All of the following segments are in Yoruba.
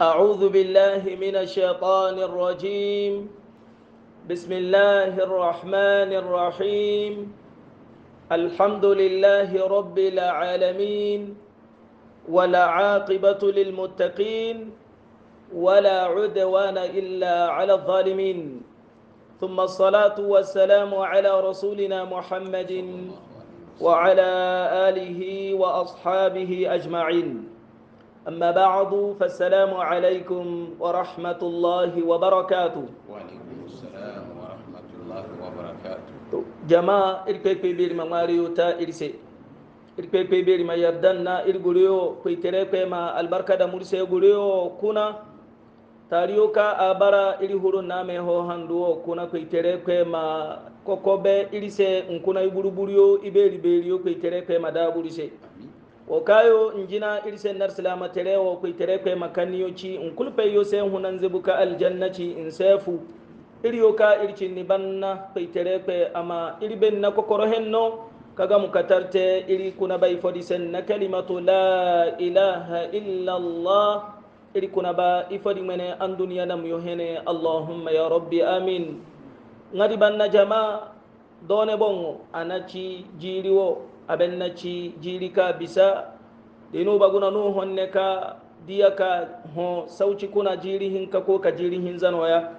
أعوذ بالله من الشيطان الرجيم بسم الله الرحمن الرحيم الحمد لله رب العالمين ولا عاقبة للمتقين ولا عدوان إلا على الظالمين ثم الصلاة والسلام على رسولنا محمد وعلى آله وأصحابه أجمعين أما بعد فالسلام عليكم ورحمة الله وبركاته وعليكم السلام ورحمة الله وبركاته جماعة البيبي بير مماريو تا إرسي البيبي بير ما يبدنا إرغوليو كي تريبي ما البركة دا مرسي غوليو كنا تاريوكا أبارا إرهورو نامي هو هندو كنا كي تريبي ما kokobe irise nkuna iburuburiyo iberiberiyo kwetere kwema daburise amin wo kayo injina irse nar silama tere wo kuy tere kwe makanniyo ci in kulpe yo se hunan zibuka aljanna ci in sefu iriyo ka irci ni banna kuy tere kwe ama irben na kokoro henno kaga mu katarte iri kuna bai fodi sen na kalimatu la ilaha illa allah iri kuna ba ifodi mene an duniya nam yo hene allahumma ya rabbi amin ngadi banna jama done bongo anaci jiriwo abenna ci jirika bisa dinu baguna no honne ka diya ka ho sauci kuna jiri ka ko ka jiri hin zanoya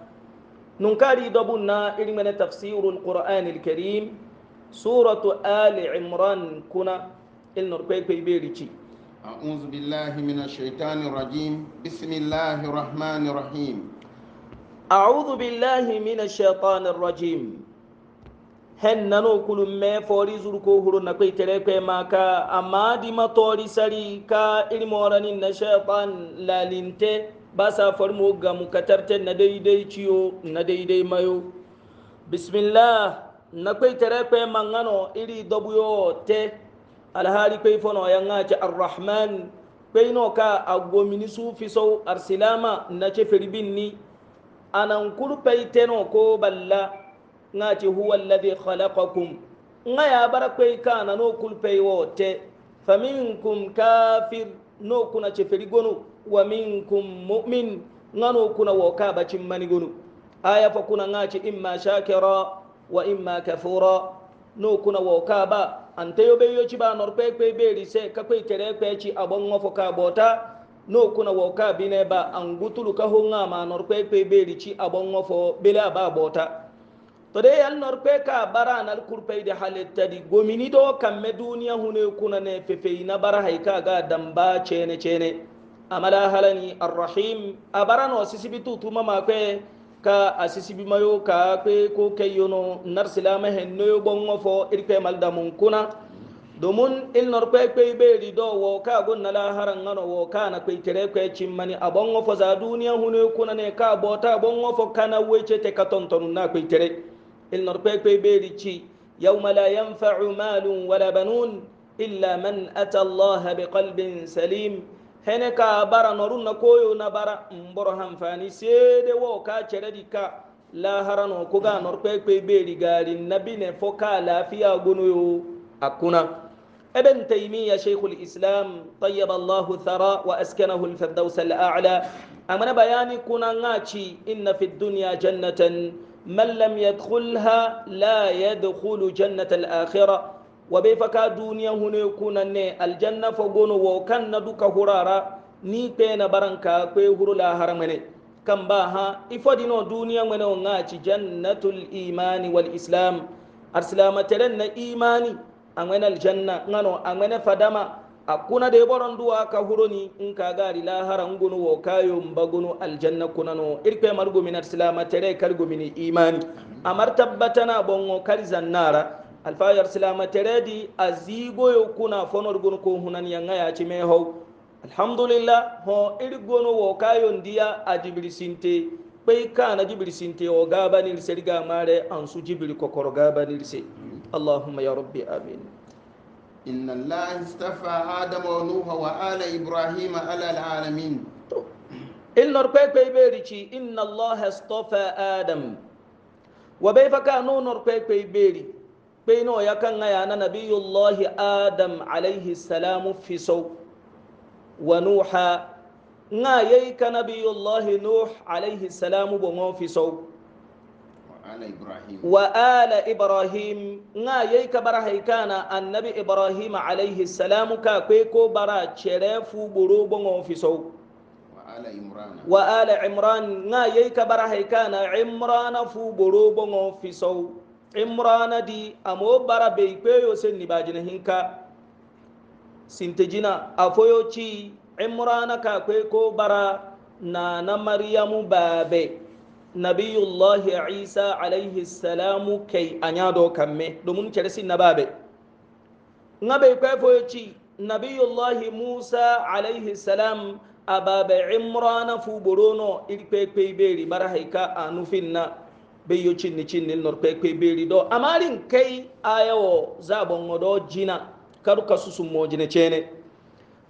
nun kari dabun na ilmene tafsirul qur'anil karim suratu ali imran kuna il kwe kwe beri ci أعوذ بالله من الشيطان الرجيم بسم الله الرحمن الرحيم أعوذ بالله من الشيطان الرجيم hen nano kulum me fori zurko huru na kai tere kai maka amma di matori sari ka irmoranin na shaytan lalinte ba sa farmo ga mukatabte na daidai ciyo na daidai mayo bismillah na kai tere kai mangano iri dobuyo te alhari kai fono yanga ci arrahman kai no ka agomini sufi sau arsilama na ce firbin ni anan kurpai teno ko balla nga ci huwa alladhi khalaqakum nga ya bara kwe kana no kulpe wote faminkum kafir no kuna ce feri gonu wa minkum mu'min nga no kuna woka bacin mani gonu aya fa kuna nga ci imma shakira wa imma kafura no kuna woka ba ante yo be yo ci ba nor pe pe be ri se ka kwe tere pe ci abon ngofo ka bota no kuna woka bine ba angutulu ka ho nga ma nor pe pe be ri ci abon ngofo bele ba bota to de yal nor pe ka bara nal kurpe de halitta di gomini do kamme duniya hune kuna ne bara hay damba chene chene amala halani arrahim abara no sisibitu tuma ma kwe ka asisibi mayo ka kwe ko kayono nar silama hen no bongo fo irpe mal damun kuna domin ilnar kwaikwai bai rido wa ka gun la laharan ngano wa ka na kwai tere kwai cimmani abon wafo za duniya hune kuna ne ka bota abon wafo kana wece te ka tontonu na kwai tere ilnorkwekwe beri ci yawma la yanfau malun wala banun illa man ata allaha biqalbin salim hene ka bara norun na koyo na bara mboro hanfani sede wo ka ceredi ka laharano koga norkwekwe beri gari nabine fo ka lafiya gonoyo akuna ابن تيمية شيخ الإسلام طيب الله ثراء وأسكنه الفردوس الأعلى أمن بياني كنا ناتشي إن في الدنيا جنة من لم يدخلها لا يدخل جنة الآخرة وبيفكا دنيا هنا يكون الجنة فغون وكان ندوك هرارا ni kpena baranka kwe huru la haramene kamba ha ifodino duniya mene o ngaci jannatul imani wal islam arsilama teren na imani angwena aljanna ngano angwena fadama akuna de boron duwa ka huroni in ka gari laharan gunu wo kayo mbagunu aljanna kunano irpe margo min silama tere kargo min imani amar tabbatana bongo kari zannara alfayar silama tere di azigo yo kuna fonor gunu ko hunan yanga ya ci me ho alhamdulillah ho irgono wo kayo ndiya ajibri sinte pei kana jibri sinte o gabanil serga mare ansu jibri kokoro gabanil se allahumma ya rabbi amin إن الله استفى آدم ونوح وآل إبراهيم على العالمين إلا ركوك بيبيري إن الله استفى آدم وبيفك أنو نركوك بيبيري بينو يكن يانا نبي الله آدم عليه السلام في سو ونوح نا يك نبي الله نوح عليه السلام بمو في سو wa ala ibrahim nga yai ka bara haikana annabi ibrahim alaihi salamu ka kwe ko bara cere fu boro bongo fi sau wa ala imran nga yai ka bara haikana imrana fu boro bongo fi sau imrana di amo bara bai kwe yo sen ni bajina hinka sintejina afoyo ci imrana ka kwe ko bara na na maryamu babe nabiyullahi isa alayhi salamu kai anyado kamme domin cersi nababe ngabe kwe foyoci nabiyullahi musa alayhi salam ababe imrana fu borono irkpekpe beri bara haika anufinna beyo cinni cinni nor kpekpe beri do amarin kai ayawo zabon do jina kadu kasu sun mojine cene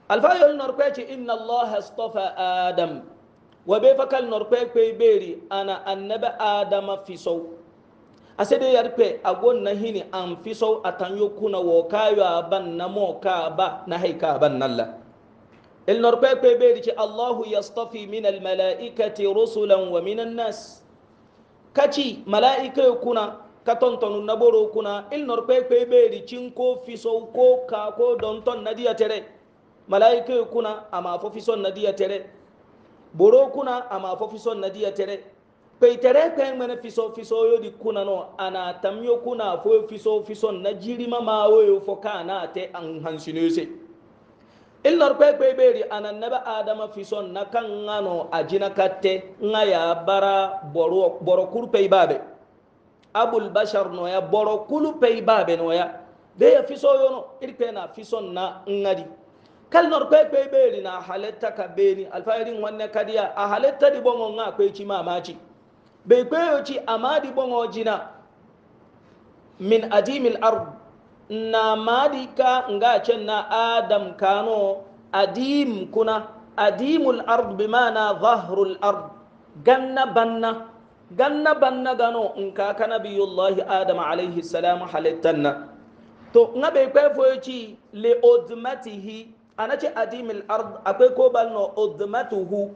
alfayol nor kweci inna allaha astafa adam wa be fakal nor pe pe beri ana annaba adama fisaw asede yar pe agon na hini an fisaw atan yokuna wo kayo aban na mo ka ba na hay ka ban nalla el nor pe beri ci allah yastafi min al malaikati rusulan wa min an nas kaci malaika yokuna ka tontonu naboro kuna il nor pe beri cin ko fisaw ko ka ko don ton nadiya tere malaika yokuna ama fo fisaw nadiya tere boro kuna ama fo fiso na diya tere pe tere pe mene fiso fiso yo di kuna no ana tamyo kuna fo fiso fiso na jiri mama wo yo fo kana te an hansine se illar pe pe beri ana naba adama fiso na kan ngano ajina katte ngaya bara boro boro kurpe babe abul bashar no ya boro kulu pe babe no ya de ya fiso yo no irpe na fiso na ngadi kalnor kwe kwe beri na halatta ka beni alfairin wanne kadiya a halatta di bongo nga kwe ci mamaci bai kweyo ci amma di bongo jina min adimil ard na madika nga cen na adam kano adim kuna adimul ard bi mana zahrul ard ganna banna ganna banna gano nka kana biyullahi adam alaihi salam halittanna to nga bai kwe foyo ci li odmatihi anace adimil ard akwai ko balno udmatuhu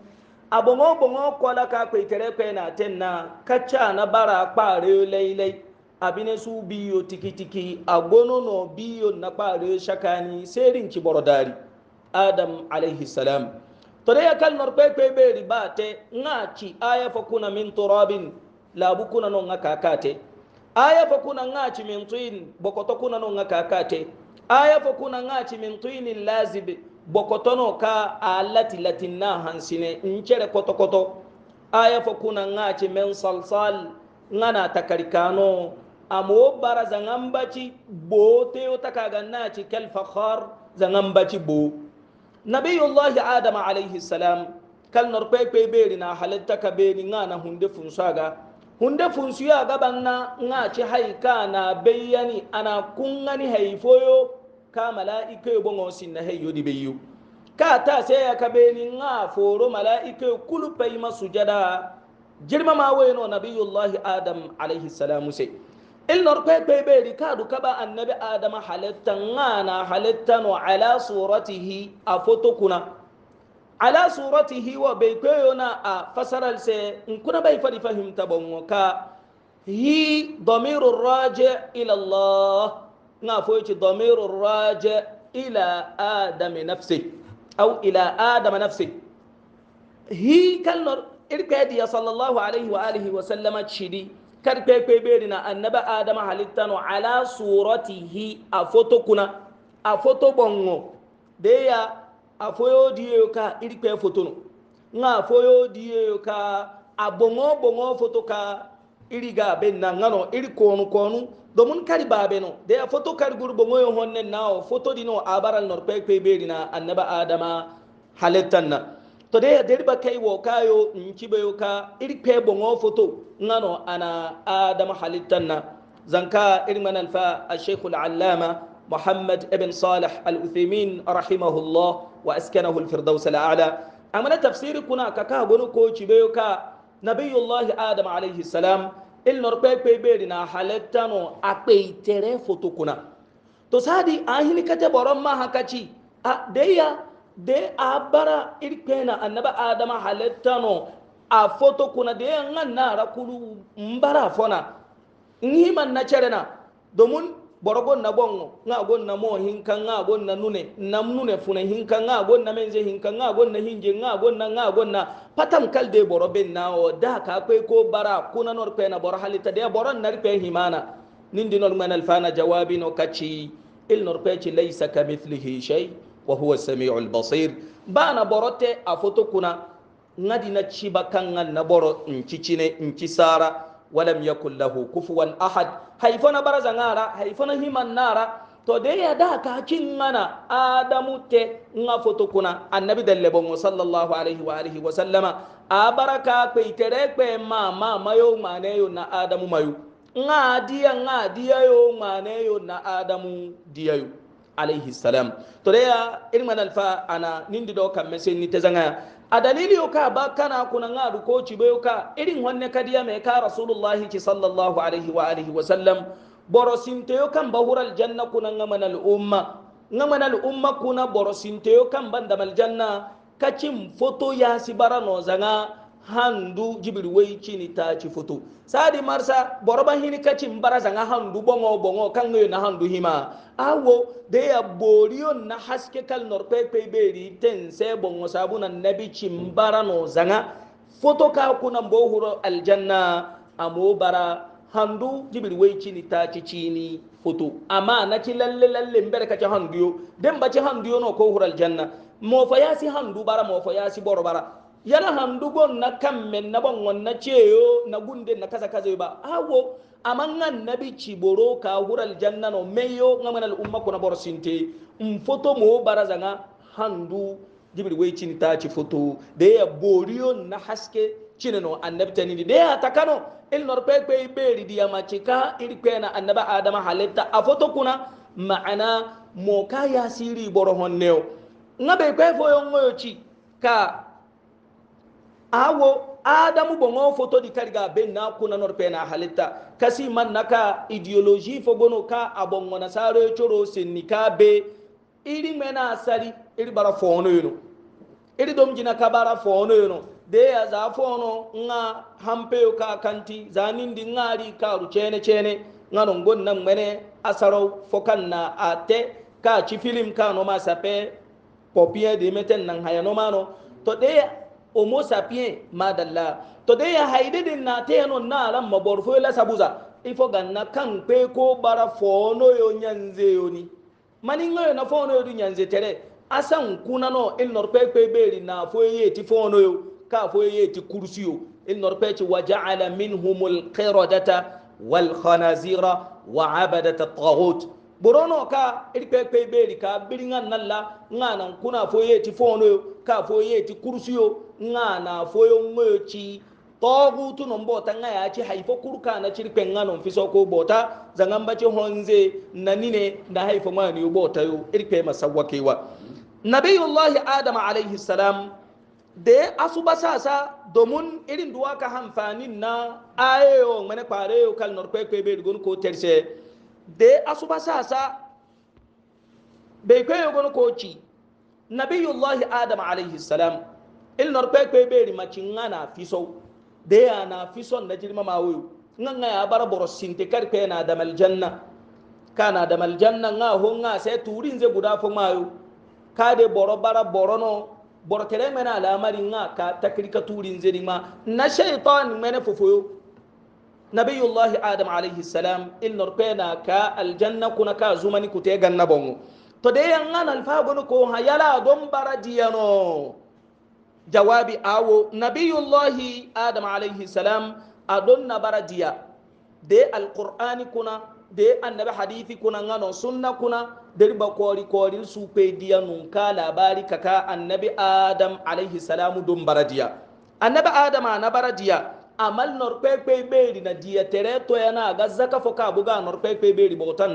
abongo bongo kola ka kwai tere kwai na tenna kacha na bara kpare lailai abine su biyo tikitiki agono no biyo na kpare shakani serin ki borodari adam alaihi salam to dai akal nor kwai kwai be ribate ngaci aya fa kuna min turabin labu kuna no ngakakate aya fa kuna ngaci min tin bokoto kuna no ngakakate aya fo kuna ngati min tinin lazib bokotono ka alati latinna hansine nchere koto koto aya fo kuna ngati min salsal ngana takarikano amo bara zangambaci bo teo takaga naci kal fakhar zangambaci bo nabiyullahi adam alayhi salam kal nor kwekwe beri na halitta ka beri ngana hunde funsaga hunde funsuya gaban na ngaci haika na bayani ana kungani haifoyo ka malaika bongo sinna he yodi be yu ka ta se ya ka be ni nga foro malaika kulu pay masujada jirma ma we no nabiyullahi adam alayhi salam se il nor pe pe be ri ka du kaba annabi adam halatta ngana halatta no ala suratihi afotokuna ala suratihi wa bai kwayo na a fasarar sai in kuna bai faɗi fahimta ban ka hi domirin raje ilallah nga fo ci damiru raja ila adami nafsi aw ila adama nafsi hi kallor irkadi ya sallallahu alaihi wa alihi wa sallama chidi kar kwe kwe beri na annaba adama halittano ala suratihi a foto kuna a foto bongo de ya a foyo diyo ka irkwe foto no nga foyo diyo a bongo bongo foto ka iri ga be na ngano iri konu konu domin kari babe no da ya foto kari gurbo moyo honne nawo foto dino abaral nor pe pe be na annaba adama halittan na to da da riba kai wo kayo in kibe ka iri pe bongo foto ngano ana adama halittan zanka irin manan fa al-shaykh al-allama محمد ابن صالح الأثيمين رحمه الله وأسكنه الفردوس الأعلى أما تفسير كنا كاكا بنو كوتشي بيوكا نبي الله آدم عليه السلام il norpe pe beri na halettano ape itere fotokuna to sadi ahini kate boron ma hakaci a deya de abara bara irkena annaba adama halettano a fotokuna de yan nan rakulu mbara fona man na cerena domin borogon na bongo nga gon na mo hinka nga gon na nune nam nune funa hinka nga gon na menze hinka nga gon na hinje nga gon na nga gon na patam kalde boroben na o da ka kwe ko bara kuna nor pe na bor halita de boron nar pe himana nindi nor man alfana jawabi no kachi il nor pe ci laysa kamithlihi shay wa huwa samiul basir bana borote a kuna ngadi na ciba kan na boro ncicine ncisara walam yakul lahu kufuwan ahad haifana baraza ngara haifana himan nara to de ya da ka kin mana adamu te nga foto kuna annabi dalle bongo sallallahu alaihi wa alihi wa sallama a baraka pe itere pe ma ma mayo mane yo na adamu mayu nga diya nga diya yo mane yo na adamu diya yo alaihi salam to de ya irman alfa ana nindi do kam mesen ni tezanga a dalili yoka ba kana kuna nga ko ci bayo ka irin wanne kadiya mai ka rasulullahi ci sallallahu alaihi wa alihi wa sallam borosinte yo kan bahural janna kuna nga manal umma nga manal umma kuna borosinte yo kan bandamal janna kacin foto ya sibara no zanga handu jibiri wai chini ta ci foto sadi marsa boroban hini kacin barasa nga handu bongo bongo kan na handu hima awo de ya na haske kal norpe peberi ten se bongo sabuna nabi cimbara no zanga foto ka kuna mbo huro aljanna amo bara handu jibiri wai chini ta ci foto Ama na ci lalle lalle mbere kaci handu yo den ba ci handu yo no ko huro aljanna mo fa yasi handu bara mo fa yasi boro bara yana handugo na kan men na ban wannan ceyo na gunde na kasa kaze ba awo amman nabi ciboro ka hural jannano meyo ngaman al umma kuna borsinte in foto mo barazanga handu jibri wey cini ta ci foto da ya boriyo na haske cini no annabi tanini da ya takano il nor pe pe beri diya macika iri pe na annaba adama halitta a foto kuna ma'ana mo ka ya siri boro honneo ngabe pe foyo ngoyo ci ka awo adamu bongo foto di kariga be na kuna norpe na halitta kasi man naka ideology fo gono ka abongo na saro choro sinika be iri mena asari iri bara fo ono yono iri dom jina ka bara fo ono yono de ya za fo ono nga ka kanti zanin di ngari ka ru chene chene ngano ngon na mene asaro fo kan na ate ka chi film ka no ma sape popie de meten nan haya no mano to de homo sapien madalla to de ya haide din na te no na ran maborfo la sabuza ifo ganna kan pe ko bara fono yo nyanze yo ni mani ngoyo na fono yo nyanze tere asan kuna no il nor pe pe beri na fo ye ti fono yo ka fo ye ti kursi yo il nor pe ti waja'ala minhumul qiradata wal khanazira wa abadata taghut borono ka il beri ka biringa nalla ngana kuna fo ye ti fono yo ka fo ye ti kursi yo nga na foyo ngoyoci togutu non bota nga ya ci haifo kurka na cirpe nga non fiso ko bota zangan bace honze na nine na haifo ma ne bota yo irpe Nabi nabiyullahi adam alaihi salam de asuba sasa domin irin duwa ka na ayewo Mene kware yo kal nor kwekwe be gon ko terse da asuba sasa bai kwayo gon ko ci nabiyullahi adam alaihi salam il nor pe pe be ri machi nga na fiso de ya na fiso na jirma ma wuyu nga nga ya bara boro sinte kar pe na damal janna kana damal janna nga ho nga se turin ze guda fo mayo ka de boro bara boro no boro tere mena alamari nga ka takrika turin ze ma na shaytan mena fofoyo nabiyullahi adam alayhi salam il nor pe na ka aljanna kuna ka zumani kute ganna bongo to de ya nga na alfa gono ko hayala don bara diyano jawabi awo nabiyullahi adam alayhi salam adon nabara de alquran kuna de annabi hadithi kuna ngano sunna kuna der ba kori kori su pe diya nun ka labari kaka annabi adam alayhi salam dum baradiya annabi adam na baradiya amal nor pe pe beri na diya tereto yana ga zaka foka buga nor pe pe beri botan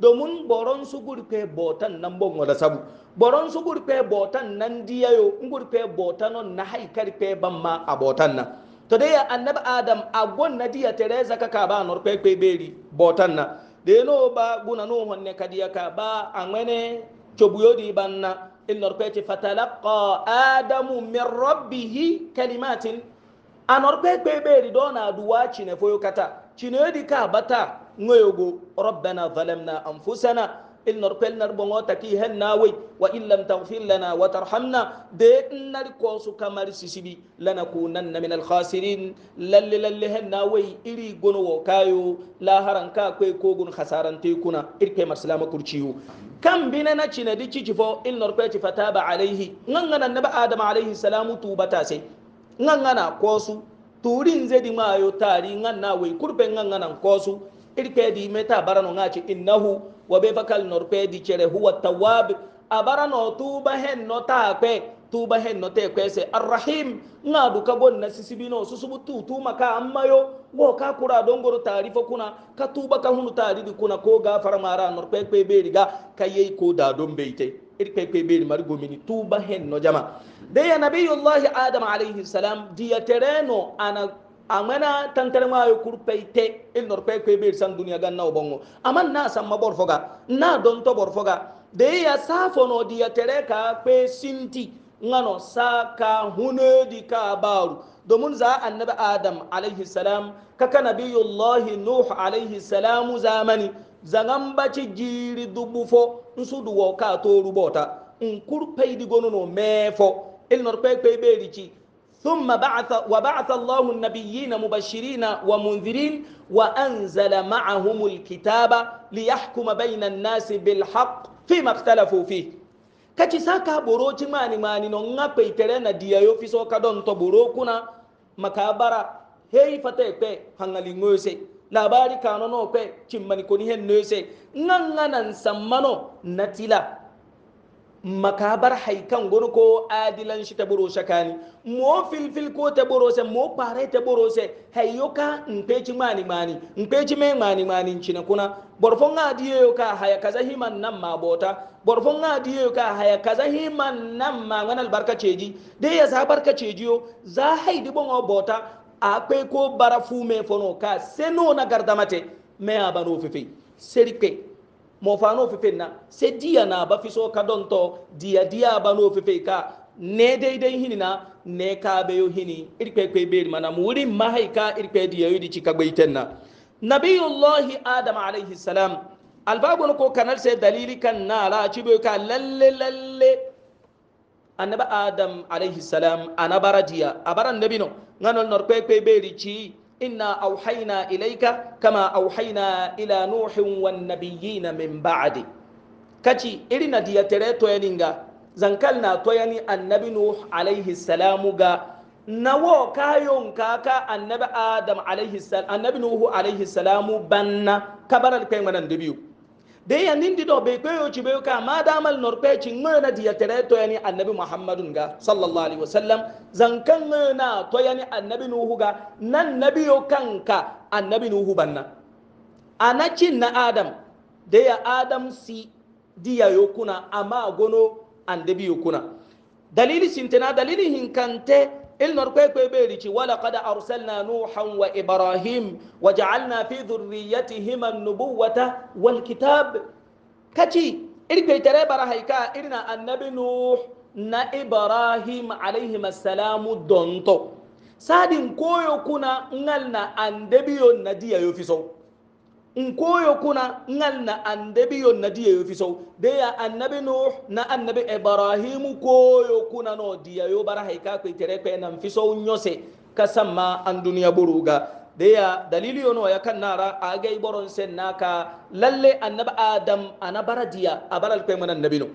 domin boron su gurfe botan nan bon wada sabu boron su gurfe botan nan diyayo gurfe botanon na haikar fe ban ma a botan nan to dai annabi adam a gonna diya teresa kaka ba nor pe pe beri botan na de no ba guna no honne kadiya ka ba amene chobuyodi banna in nor pe fatalaqa adamu min rabbih kalimatin anor pe pe beri dona duwa chine foyo kata chine di ka bata ngoyogo rabbana zalamna anfusana ilnor pelnar bongo taki hen nawey wa in lam tagfir lana wa tarhamna de nnari koosu kamari sisibi lanakunanna min alkhasirin lalle lalle hen nawey iri gono wo kayo laharan ka kwe kogun hasarante kuna irke marsilama kurciyo kan bine na cine di cici fo ilnor kwe ci fataba alayhi ngangana naba adama alayhi salamu tubata se ngangana koosu turin zedi mayo tari nganna wey kurpe ngangana koosu irkedi meta barano ngaci innahu wa be fakal norpedi cere huwa tawwab abarano tuba hen no ta kwe tuba hen no te kwe se arrahim nga duka gonna sisibino susubu tu tuma ka ammayo wo ka kura dongoro tarifo kuna ka tuba ka hunu taridi kuna ko gafara mara norpe kwe beriga kayi ko da don beite irkwe kwe beri mari gomini tuba hen no jama de ya nabiyullahi adam alayhi salam diya tereno ana amana tantar ma yo kurpai te il nor pe pe be san dunya ganna obongo aman na san mabor foga na don to bor foga de ya safo no di ya tere ka pe sinti ngano saka hune di ka baru domin za annabi adam alaihi salam kaka nabiyullahi nuh alaihi salamu zamani zangan baci jiri dubu fo nsu duwo ka to rubota in di gono no mefo il nor pe pe be rici ثم بعث وبعث الله النبيين مبشرين ومنذرين وأنزل معهم الكتاب ليحكم بين الناس بالحق فيما اختلفوا فيه kaci saka boro ci mani mani no nga peitere na diya yo fiso ka don to boro kuna makabara hei fata pe hangali ngose labari kanono pe cimmani koni hen nose nga nga nan sammano natila makabar haikan gonu ko adilan shi taburo shakani mo filfil ko taburo se mo pare taburo se hayoka npechi mani mani npechi me mani mani china kuna borfon nga diyo ka haya kaza himan nan ma bota borfon nga diyo ka haya kaza himan nan ma ngana albarka ceji de ya za barka cejiyo za haidi bon bota akwai ko bara fume fono ka seno na gardamate me abano fifi serike mofano fefenna se diya na ba fiso ka donto diya diya ba no fefe ka ne daidai hini na ne ka be yo hini irpe kwe be mana muri mahaika irpe diya yudi chika gbeitenna nabiyullahi adam alayhi salam albabu ko kanal se dalili kan na la cibe ka lalle lalle Anaba adam alayhi salam anabara diya abara nabino nganol nor kwe kwe be ri ci إنا أوحينا إليك كما أوحينا إلى نوح والنبيين من بعد كتي إلينا دياتري توينينغا zankalna toyani annabi nuh alaihi salamu ga nawo kayon kaka annabi adam alaihi salamu annabi nuhu alaihi salamu banna kabaral kai wannan de ya nindi do be ko yo cibe ka ma da mal norpe ci ngana diya tere to yani annabi muhammadun ga sallallahu alaihi wasallam zankan ngana to yani annabi nuhu ga nan nabiyo kanka annabi nuhu banna anacin na adam de ya adam si diya yokuna amma gono annabi yokuna dalili sintena dalili hinkante ilnor kwekwe beri ci wala kada arsalna nuhan wa ibrahim wa ja'alna fi dhurriyyatihima an-nubuwata wal kitab kaci irkwe tare bara haika irna annabi nuh na ibrahim alayhi assalamu donto sadin koyo kuna ngal na andebiyo nadiya yo fi so nkoyo kuna ngal na annabi yon na diya yofi sau da ya annabi nuh na annabi ibrahim koyo kuna no diya yo bara haika ko tere kai nan fi nyose kasamma an duniya buruga da ya dalili yono ya kan nara a boron sen naka lalle annabi adam ana bara diya abaral baral kai mun annabi no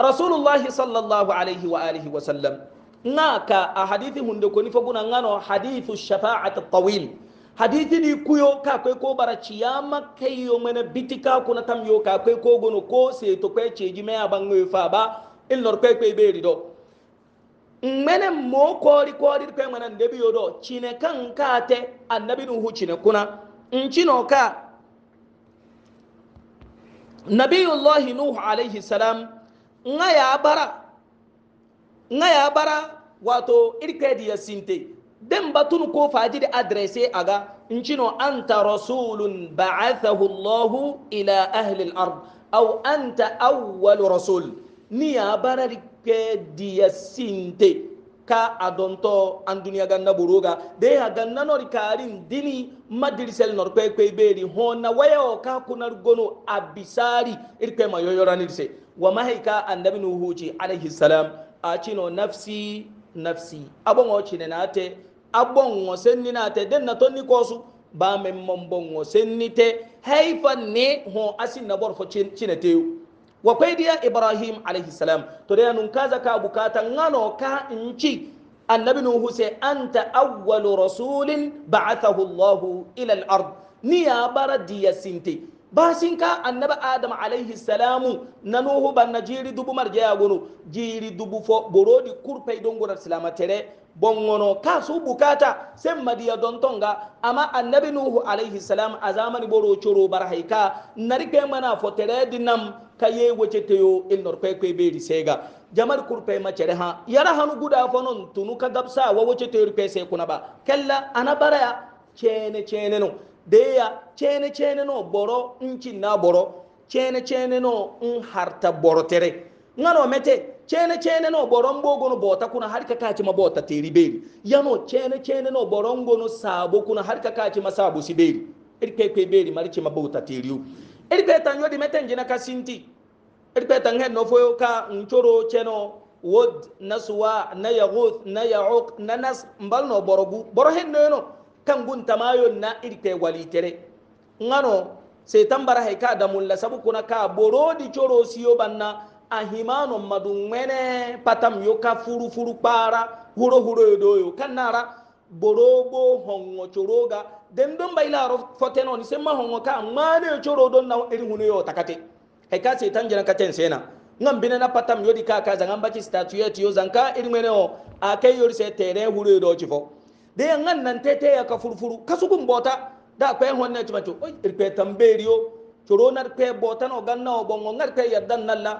rasulullah sallallahu alaihi wa alihi wa sallam naka a hadithi hunde koni faguna ngano hadithu shafa'at tawil Hadithi ni kuyo ka kai ko bara chiyama kai yo mana bitika kuna tam yo ka kai ko gono ko se to kai ceji me abangoy fa ba il nor kai kai beri do mene mo kori kori kai mana ndebi yo do cine kan ka te annabi nu hu cine kuna in cino ka nabiyullahi nuhu alayhi salam nga ya bara nga ya bara wato irkedi ya sinte den batun ko faji da adrese aga in cino anta rasulun ba'athahu Allah ila ahli al-ard aw anta awwal rasul ni ya barari ke diya sinte ka adonto an duniya ganna buruga de ya ganna nori karin dini madirisel nor kwe kwe beri hona waya o ka kunar gono abisari irke mayoyoranirse wa mahika annabi nuhu ci salam a cino nafsi nafsi abon o cine na te abon wasanni na ta den na to ni kosu ba men mambon wasanni te haifan ne ho asin na bor fo cina teu wa kai dia ibrahim alaihi salam to da nun kaza ka bukata ngano ka inci annabi nuhu sai anta awwalu rasulin ba'athahu allah ila ard ni ya bara diya sinte basinka annabi adam alayhi salamu nanuhu banna jiri dubu marjaya gono jiri dubu fo borodi kurpey don gonar silama tere bongono ka su bukata sen madiya don tonga amma annabi nuhu alayhi salam a zamani boro coro bar haika narke mana fo tere dinam kaye wace teyo il norpe kwe beri sega jamar kurpe macere ha yara hanu guda fonon tunu gabsa wa wace teyo rupe se ba kella ana baraya cene cene no deya cene cene no boro nci na boro cene cene no n harta boro tere ngano mete cene cene no boro mbogo no bota kuna harika kachi ma bota teri beli yano cene cene no boro no sabo kuna harika kachi ma sabo si beli irpe pepe beli mari ma bota teri irpe tan di mete njina ka sinti irpe tan no foyo ka nchoro cheno wod naswa na yaguth na yaguk na nas mbal no boro bu boro hen no no Kangun tamayo na irte walitere ngano setan bara hay ka damulla sabu kuna ka borodi choro siyo banna ahimano madungwene patam yo ka furu furu para huro huro doyo kanara borobo hongo coroga den don bayla ro foteno ni sema hongo ka mane choro don na irin hunu yo takate hay ka setan jana katen sena ngam bine na patam yodi ka ka zangamba ci statue yo zanka irin mene o akay yori se tere huro do chifo de yangan nan tete ya ka furfuru kasugun bota da kwe honne ci bato oi irpe tamberiyo coro nar kwe bota no ganna o bongo ngar kwe yaddan nalla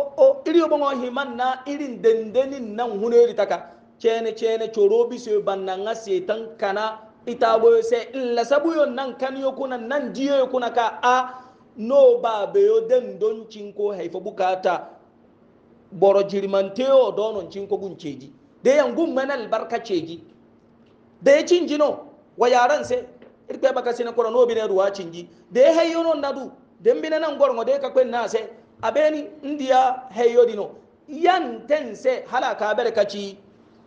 o o iriyo bongo himan na irin dendenin nan huneri taka cene cene coro biso banna nga setan kana itabo se illa sabuyo nan kaniyo kuna nan jiyo kuna ka a no ba beyo den don cinko haifa bukata boro jirimanteo donon cinko gun ceji de yangun mana albarka ceji da ya cinji no wa yaran sai irpe baka sina kora no bi ruwa cinji da ya hayyo non nadu den bi nan gorngo da ka kwen na sai abeni ndiya hayyo dino yan ten sai halaka barkaci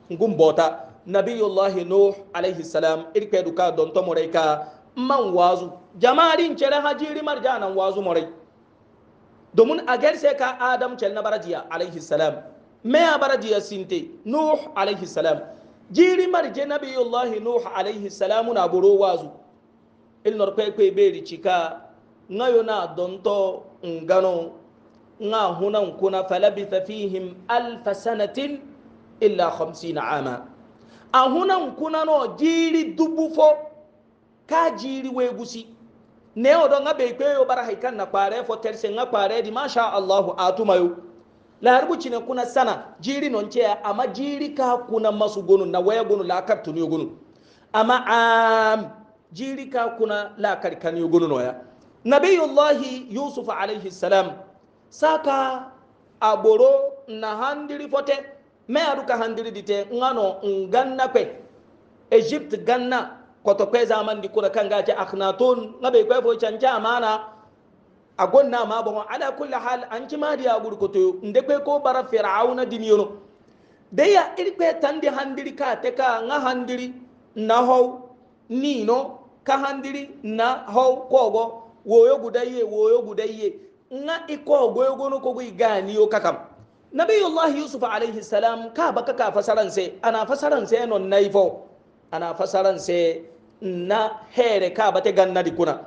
gumbota nabiyullahi nuh alaihi salam irpe duka don to morai ka man wazu jama'arin cere hajiri marjanan wazu morai domin a garse ka adam cel na barajiya alayhi salam me a barajiya sinte nuh alaihi salam jiri marje nabiyullahi nuh alayhi salamu na boro wazu ilnor kwekwe beri chika ngayo na donto ngano nga huna nkuna falabitha fihim alfa sanatin illa 50 ama a huna nkuna no jiri dubu fo ka jiri wegusi ne odo nga be kweyo bara haikan na kware fo terse nga kware di masha Allah atumayo larabu cine kuna sana jiri non ce amma jiri ka kuna masu gonu na waya gonu la kar tuni gonu amma am jiri ka kuna la kar kan gonu noya nabiyullahi yusuf alaihi salam saka aboro na handiri fote me aruka handiri dite ngano nganna pe egypt ganna koto kwe zaman di kuna kan gace akhnatun ngabe kwe fo canja amana agon na ma bon ala kulli hal an ci ma dia gurkuto nde kwe ko bara fir'auna dimiyono de ya irpe tandi handiri ka te ka nga handiri na ho ni no ka handiri na ho kogo woyo gudaye woyo gudaye nga ikogo yogono kogo igani yo kakam nabiyullah yusuf alayhi salam ka baka ka fasaran se ana fasaran se non naifo ana fasaran se na here ka bate ganna dikuna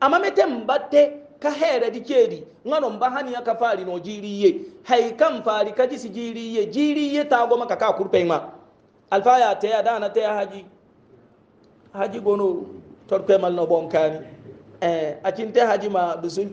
amma meten batte ka hera di keri ngano mbahani ya kafari no jiriye haikam fari kaji si jiriye jiriye ta goma ka ka kurpe ma ya te ya dana te ya haji haji gono torpe mal no bonkani eh acinte haji ma dusun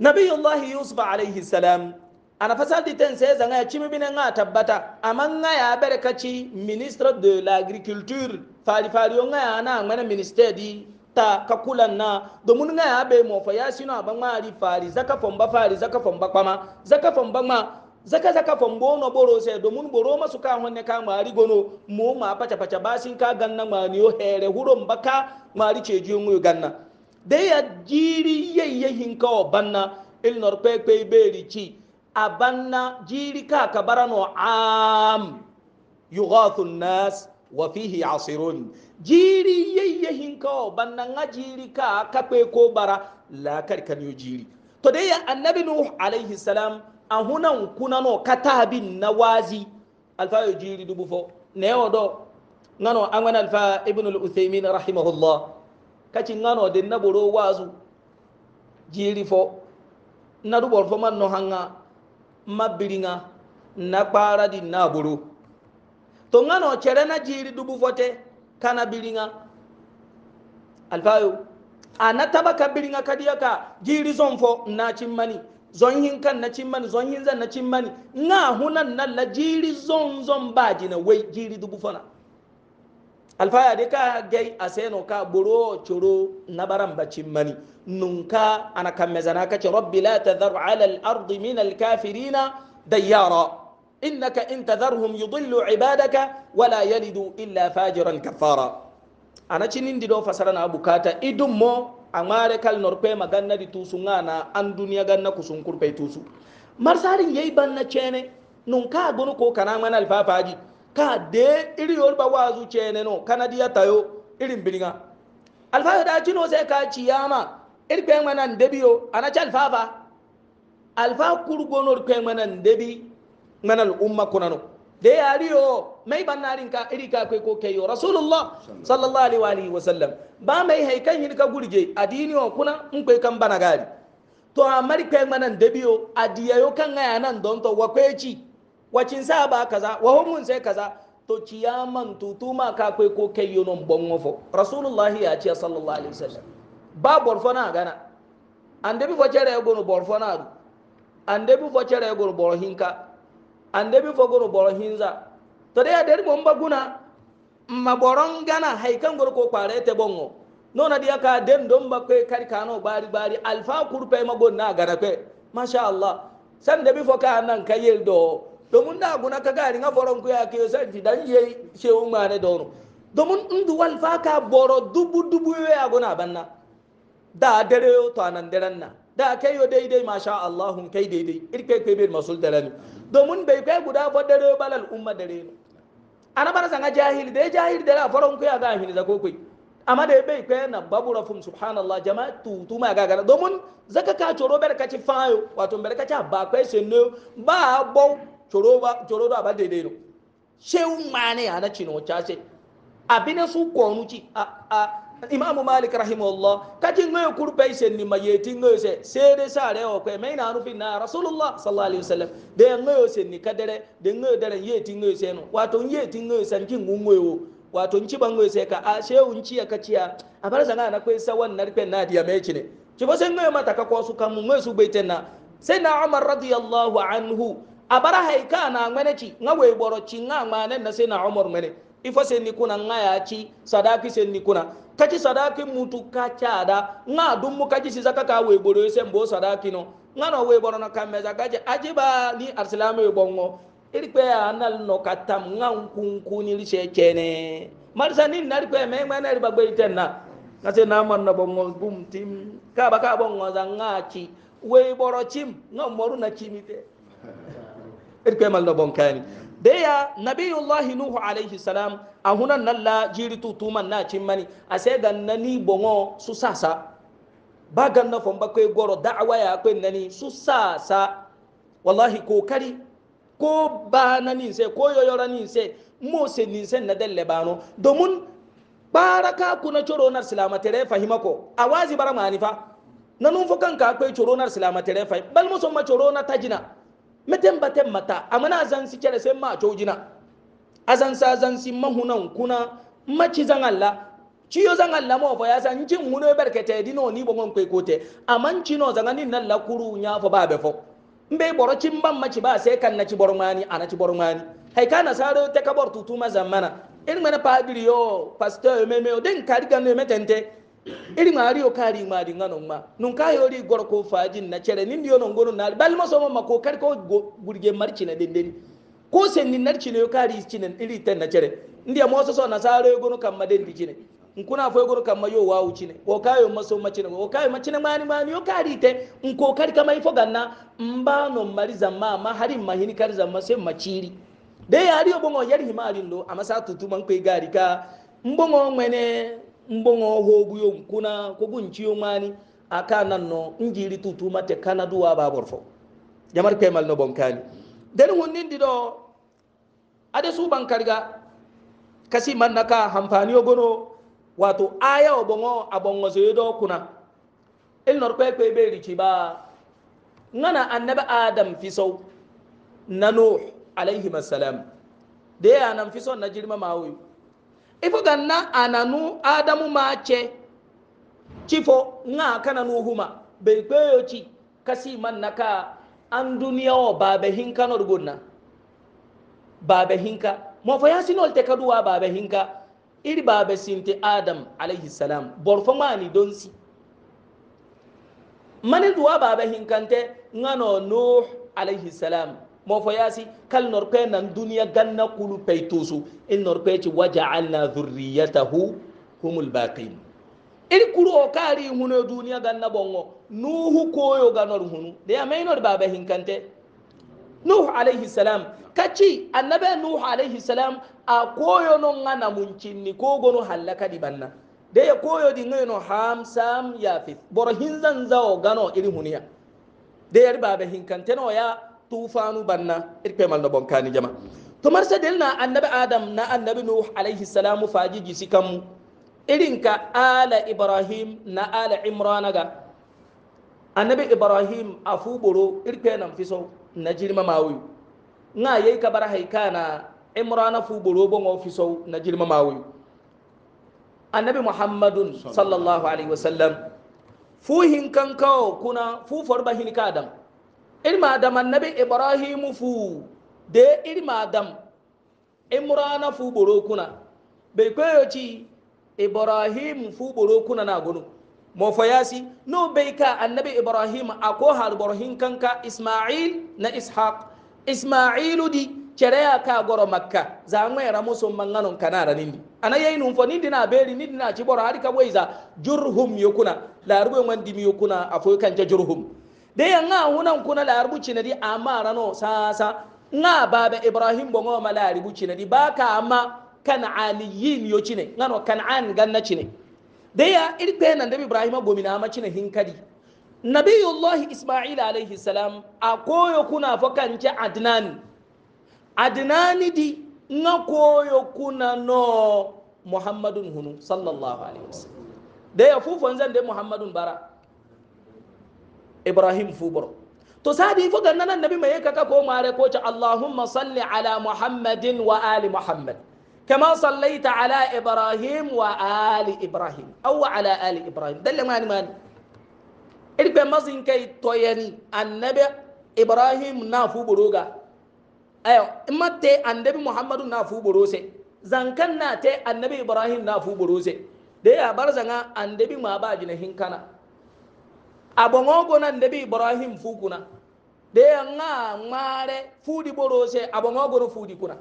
Nabi nabiyullahi yusuf alayhi salam ana fasaldi ten sai zanga ya cimi bine nga tabbata amma nga ya bere kaci ministre de l'agriculture fari fari nga ya na ngana ministère di ta kakulan na domin nga ya bai mofa ya sino a ban mari fari zaka fomba fari zaka fomba kpama zaka fomba ma zaka zaka fombo no boro se domin boro masu ka honne ka mari gono mu ma pacha pacha basin ka ganna mani yo here huro mbaka mari ceji ngu ganna de ya jiri yeye hinka o banna il nor pe beri ci abanna jiri ka kabara no am yughathu nas wa fihi asirun jiri yayye hinkawo bannan a jiri ka kakwe ko bara lakar kan yo jiri to dai annabi nuh alaihi salam a hunan kunano katabin na wazi alfa yo jiri dubu fo ne odo ngano an wani alfa ibn al-uthaymin rahimahullah kaci ngano din na boro wazu jiri fo na dubor fo man no hanga mabiringa na kpara din na to ngano chere na jiri dubu fote kana bilinga alfayo anataba kabilinga bilinga kadiyaka jiri zonfo na chimani zonyin kan na chimani zonyin zan na chimani nga hunan na la jiri zon zon baji na we jiri dubu fana alfaya de ka gai a ka buro coro na baramba chimani nunka ana kan ka ce rabbi la tadhar ala al-ardi min al-kafirina dayara innaka intadharhum yudillu ibadaka wala yalidu illa fajiran kafara anaci nindi do fasara na bukata idum mo amare kal norpe maganna di tusu ngana an duniya ganna kusun kurpe tusu marsarin yayi banna cene nun ka gonu ko kana man alfafaji ka de iri yorba wazu cene no kanadiya tayo irin bilinga alfafa da cino sai ka ciyama irpe manan debiyo anaci alfafa alfa kurgonor kwe manan debi manal umma kunano de yariyo mai bannarin ka iri ka kai ko kai yo rasulullah sallallahu alaihi wa alihi wasallam ba mai haikan yin ka gurje adini wa kuna in kai kan bana gari to amari kai manan dabiyo adiyayo kan ngaya nan don to wakweci wacin sa ba kaza wa humun sai kaza to ciyaman tutuma ka kai ko kai yo non bon wofo rasulullah ya ce sallallahu alaihi wasallam ba borfona gana an dabi focere ya gono borfona an dabi focere ya gono borhinka ande bi fogoro boro hinza to de ade mo guna, ma boron gana haikan gor ko kware te bongo nona dia ka den don ba kwe kari kano bari bari alfa kurpe magon na gara kwe masha Allah san da bi foka nan kayel do domin da guna ka gari nga boron ku ya ke san ti dan ye shewun ma ne do domin ndu wal faka boro dubu dubu we ya gona banna da dare to anan daren na da kai yo masha Allah hun kai daidai irke kai bir masul daren domin bai kai guda fa dare balal umma dare no ana bana sanga jahili de jahili dare a faron kuya ga hini za kokoi amma da bai kai na babura fum subhanallah jama'a tu ma ga gara domin zaka ka coro bar ka ci fayo wato bar ka ci ba kai sinno ba bo coro ba coro da ba daidai no shehu mane ana cinu chase abina su konu a a imamu malik rahimahullah kati ngoyo kurpe ise ni mayeti ngoyo se sede sare o ko anufi na rasulullah sallallahu alaihi wasallam de ngoyo se ni kadere de ngoyo dare yeti ngoyo se no wato yeti ngoyo san ki ngoyo wato nci bangoyo se ka a she unci ya kaciya a bar zanga na kwai sawan narpe na diya me ci ne ngoyo mata ka ko su ngoyo su baiten na umar radiyallahu anhu a bara haika na ngwene ngawe boro ci nga na sai umar ngwene ifo sai nikuna ngaya chi? sadaki sai nikuna. Kati sadaki mutu ka cada nga dum mu kati sisa ka ka we boro se mbo sadaki no nga no we boro na kamme za kaci ajiba ni arsalama we bongo iri kwe anal no katam nga nkunku ni li she chene marisa ni nari kwe me ngana ri bagbe itenna nga se na man na bongo gum tim kaba ba bongo za nga ci we boro chim nga moru na chimite iri kwe mal no bonkani deya nabiyullahi nuhu alayhi salam ahuna nalla jiri tutuman na cimmani ase ganna ni bongo su sasa ba ganna fomba kwe goro da'wa ya kwe nani su sasa wallahi kokari ko bana nin se ko yoyora nin se mo se nin se na dalle bano domin baraka kuna coro na silamatere fahima ko awazi bara manifa nanun fukan ka kwe coro na silamatere fahima bal musamma coro na tajina meten baten mata amana azansi kere sai ma cojina azansa azansi mahunan kuna maci zan Allah ciyo zan Allah mo fa ya san cin huno barkete dino ni bo mon kwe kote aman cino zan ni nan la kuru nya fa ba be fo mbe boro cin ban maci ba sai kan na ci boro ana ci boro hay kana saro te kabor tutu ma zamana irin mana padri yo pastor meme o den karigan ne metente iri mari o kari mari ngano ma nun ka yori gor ko fajin na cere nin diyo non gonu nal bal maso ma ko kar ko gurge marci na denden ko sen nin narci ne kari cinen iri tan na cere ndiya mo so na sare gonu kam ma den dikine nkuna fo gonu kam ma yo wawu cine o kayo maso macine o kayo macine mani mani yo kari te nko kari kama ifo ganna mbano mariza mama hari mahini kari za mase machiri de yari obongo yari himari ndo amasa tutu man kwe gari ka mbongo mwene mbongo hogu yo kuna kogun ciyo mani aka nan no njiri tutu mate kana duwa ba borfo jamar kai mal no bonkani den wonnin dido ade su bankarga kasi man naka hamfani ogono wato aya obongo abongo zedo kuna il nor kwe kwe be rici ba ngana annabi adam fisau na nuh alaihi assalam da ya nan fiso na jirma mawoyi ifo ganna ananu adamu mace cifo nga kana nuhuma bai kweyo ci kasi man naka an duniya wa babe hinka no rugunna babe hinka mo fa yasi no te kaduwa babe hinka iri babe sinte adam alayhi salam borfo mani donsi manin duwa babe hinkante ngano nuh alayhi salam mo fo yasi kal nor pe nan duniya ganna kulu pey toso il nor pe ci waja'alna dhurriyatahu humul baqin iri kuru o kari huno duniya ganna bongo nuhu koyo ga nor hunu de ya may nor baba hinkante nuh alayhi salam kaci annabe nuh alayhi salam a koyo no ngana muncinni ko gonu hallaka di banna de ya koyo di ngoyno ham sam yafif boro hinzan zawo gano iri huniya de ya baba hinkante no ya tufanu banna irpe mal no bonkani jama to marsa del na annabi adam na annabi nuh alayhi salamu fajiji sikam irin ala ibrahim na ala imranaga ga annabi ibrahim afu boro irpe nan fiso na jirma mawi nga yai ka bar haikana imran afu boro bon ofiso na mawi annabi muhammadun sallallahu alaihi wasallam fuhin kankawo kuna fufar bahin ka adam irma dam annabi Ibrahim fu de irma adam, imrana fu borokuna bai kwayo ci ibrahimu fu borokuna na gunu mofayasi no bai ka annabi ibrahim ako harborhin kanka isma'il na ishaq isma'ilu di cereya ka goro makka za ngwera muso manganon kanara nindi ana yayi num fo nindi na beri nindi na ciboro hari ka boiza jurhum yokuna la ruwe wandi mi yokuna afoy kanje jurhum de nga hunan kuna la arbu cinadi amara no sasa nga baba ibrahim bongo ma la arbu cinadi baka amma kan'aniyin yo cine ngano kan'an ganna cine Daya ya irpe nan da ibrahim gomina ma cine hinkadi nabiyullahi isma'il alayhi salam a koyo kuna fakanci adnan adnani di nga koyo kuna no muhammadun hunu sallallahu alaihi wasallam da ya fufan zan muhammadun bara ابراهيم فوبر تو سادي fo ganna nan ما يكا kaka ko mare اللهم صل على محمد وال محمد كما صليت على إبراهيم وآل إبراهيم أو على آل إبراهيم دل ما ماني إلك بمزين كي تويني النبي إبراهيم نافو بروغا أيو إما تي النبي محمد نافو بروسي زنكنا ناتي النبي إبراهيم نافو بروسي دي أبار النبي ما باجنا هنكنا abongo gona ndebi ibrahim fukuna de nga ngare fudi borose abongo gona fudi kuna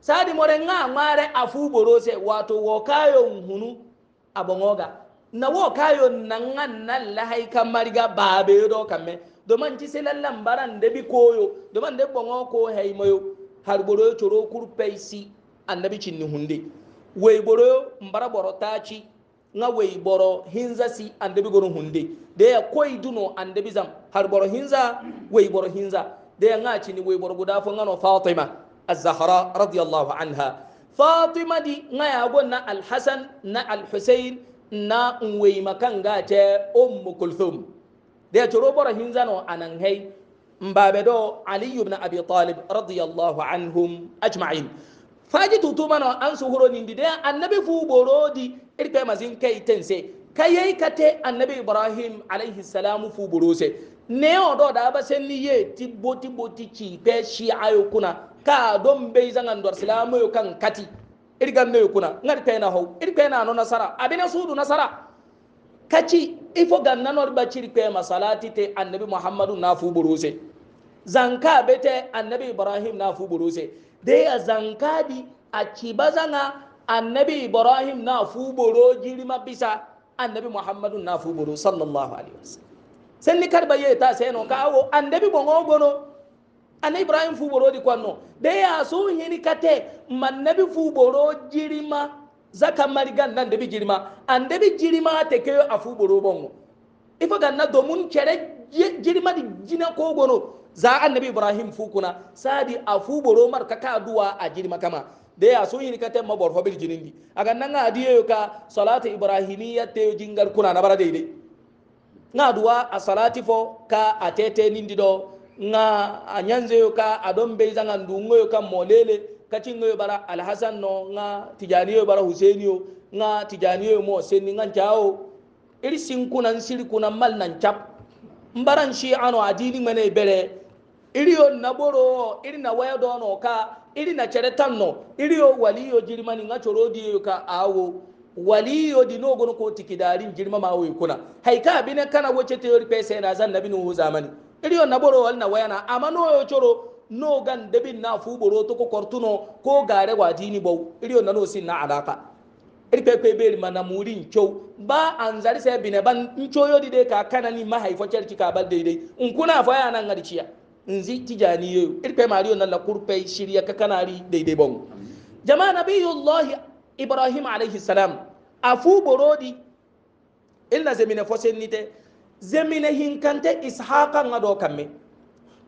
sadi more nga ngare afu borose wato wokayo nhunu abongoga na wokayo nanga na hay kamariga babe do kamme do manci selallan baran ndebi koyo do man de bongo ko hay har boroyo choro kurpeisi annabi cinni hunde wey boroyo mbara boro taci nga wey boro hinza si andabi gono hunde de ya koy duno andabi zam har boro hinza wey boro hinza de ya ngaci ni wey boro guda fo ngano fatima az-zahra radiyallahu anha fatima di nga ya gonna al-hasan na al-husayn na wey makanga te ummu kulthum de ya choro boro hinza no anan hay mbabe do ali ibn abi talib radiyallahu anhum ajma'in faji tutuma no an suhuro nindi de annabi fu borodi iri pe mazin kai tense kayai kate annabi ibrahim alaihi salamu fu buruse ne odo da ba sen ni ye tibbo tibbo ti ci pe shi ayo kuna ka don be zangan dor salamu yo kan kati iri ganne yo kuna ngar pe na ho iri pe na no nasara abina sudu nasara kaci ifo ganna nor ba ciri pe masalati te annabi muhammadu na fu buruse zanka bete annabi ibrahim na fu buruse de ya zanka di a ci bazanga annabi ibrahim na fuboro jirima bisa annabi muhammadu na fuboro sallallahu alaihi wasallam sen ni karba ye ta sai no ka awo annabi bongo gono annabi ibrahim fuboro di kwanno de ya so hini kate mannabi fuboro jirima zaka marigan nan da bi jirima annabi jirima te ke a fuboro bongo ifa ganna domun kere jirima di jina ko gono za annabi ibrahim fukuna sadi a fuboro marka ka duwa a jirima kama de a so yini kate ma borfo bir jinindi aga nanga adiye ka salatu ibrahimiyya te jingar kuna na bara deidei nga duwa a salati fo ka atete nindi do nga anyanze yo ka adon beiza nga ndungo yo ka molele kacingo yo bara alhasan no nga tijani yo bara husaini yo nga tijani yo mo seni nga njao iri sinkuna nsilikuna mal nan chap. mbaran shi ano adini mene bere iri yo naboro iri na waya do no ka iri na cere tanno iri yo waliyo jirima ni nga choro di ka awo waliyo di no gono ko tikidarin jirma ma wo kuna haika bine kana woce teori pese na zan nabi no zamani iri yo naboro wal na wayana amma no yo choro no gan debi na fu boro to ko kortuno ko gare wa dini bow iri na no sin na alaka iri pepe beri mana muri ncho ba anzari se bine ban ncho yo di de ka kana ni mahaifo cerki ka bal dai dai in kuna fa yana ngari ciya nzi tijani yeyo irpe mariyo na lakurpe shirya kakanari daidai bon jama'a nabiyullahi ibrahim alayhi salam afu borodi ilna zemine fosennite zemine hinkante ishaqa nga do kamme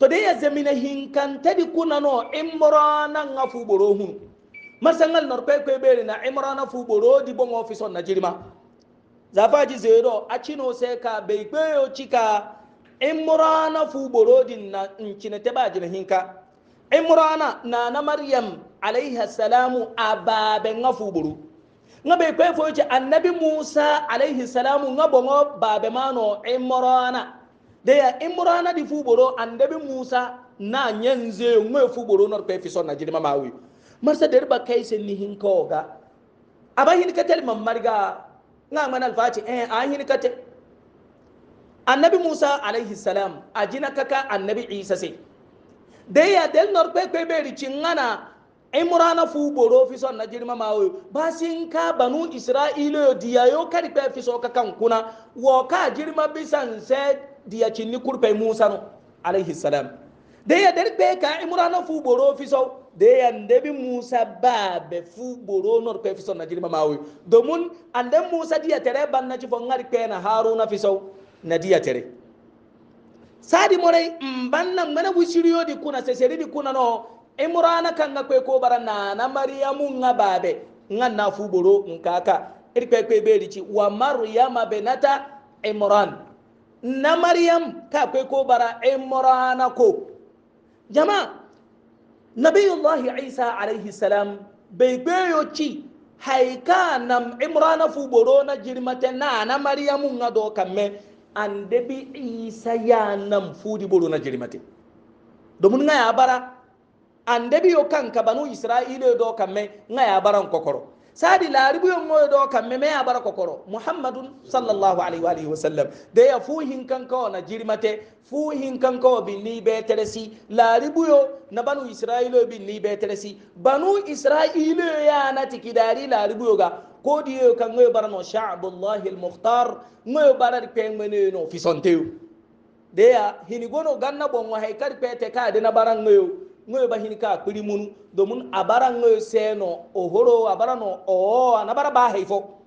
to de ya zemine hinkante di kunano imrana nga fu masangal norpe kwe beri na imrana fu borodi bon ofison na jirma zafaji zero achino seka beikweyo chika imrana fuɓoroɗin na n cine teɓajina hinka imrana nana maryam alayhi assalamu a baɓe ga fuɓoru ga ɓe kwe foyce annabi musa alayhi salamu ga ɓogo baɓe mano imrana deya imrana ɗi fuɓoro annabi musa na yenze ga fuɓoro nor kwe fiso na jinima mawi marsa der ba kayse ni hinka oga aba hinkatel mammarga ga ngamana alfati e a hinkatel annabi musa alayhi salam ajina kaka annabi isa se de ya del nor pe pe beri chingana imrana fu boro fi son najirma mawo basin ka banu isra'ilo yo diya yo kari pe fi so kakan kuna wo ka jirma bisan se diya chinni kurpe musa no alayhi salam de ya del pe ka imrana fu boro fi so de ya ndebi musa ba be fu boro nor pe fi son najirma mawo domun ande musa diya tere ban na ci fo ngari pe na haruna fi so nadiya tere sadi morai mbanna ngana wusiriyo di kuna seseri di kuna no imrana kanga kwe ko bara na na maryamu nga babe nga na fuboro nkaka iri kwe kwe berici wa maryama benata imran na maryam ka kwe ko bara imrana ko jama nabiyullahi isa alaihi salam bai gbeyo ci haika nam imrana fuboro na jirmate na na maryamu nga do kamme an debi isa ya nan fudi boro na jirimate domin nga ya bara an debi yo kanka banu isra'ila do kan mai nga ya baran kokoro sadi laribu yon moyo do kam meme ya bara kokoro muhammadun sallallahu alaihi wa alihi wasallam de ya fu hin kan ko na jirmate fu hin kan ko bi ni be teresi laribu yo na banu israilo bi ni be teresi banu israilo ya na tikidari laribu yo ga ko diyo kan ngoyo bara no sha'bullahi al-mukhtar ngoyo bara di pengmene no fisonteu de ya hinigono ganna bon wa haikar pete ka de na bara ngoyo ngoyo ba hinika kpiri munu domin abara ngoyo seno ohoro abara no oo anabara ba haifo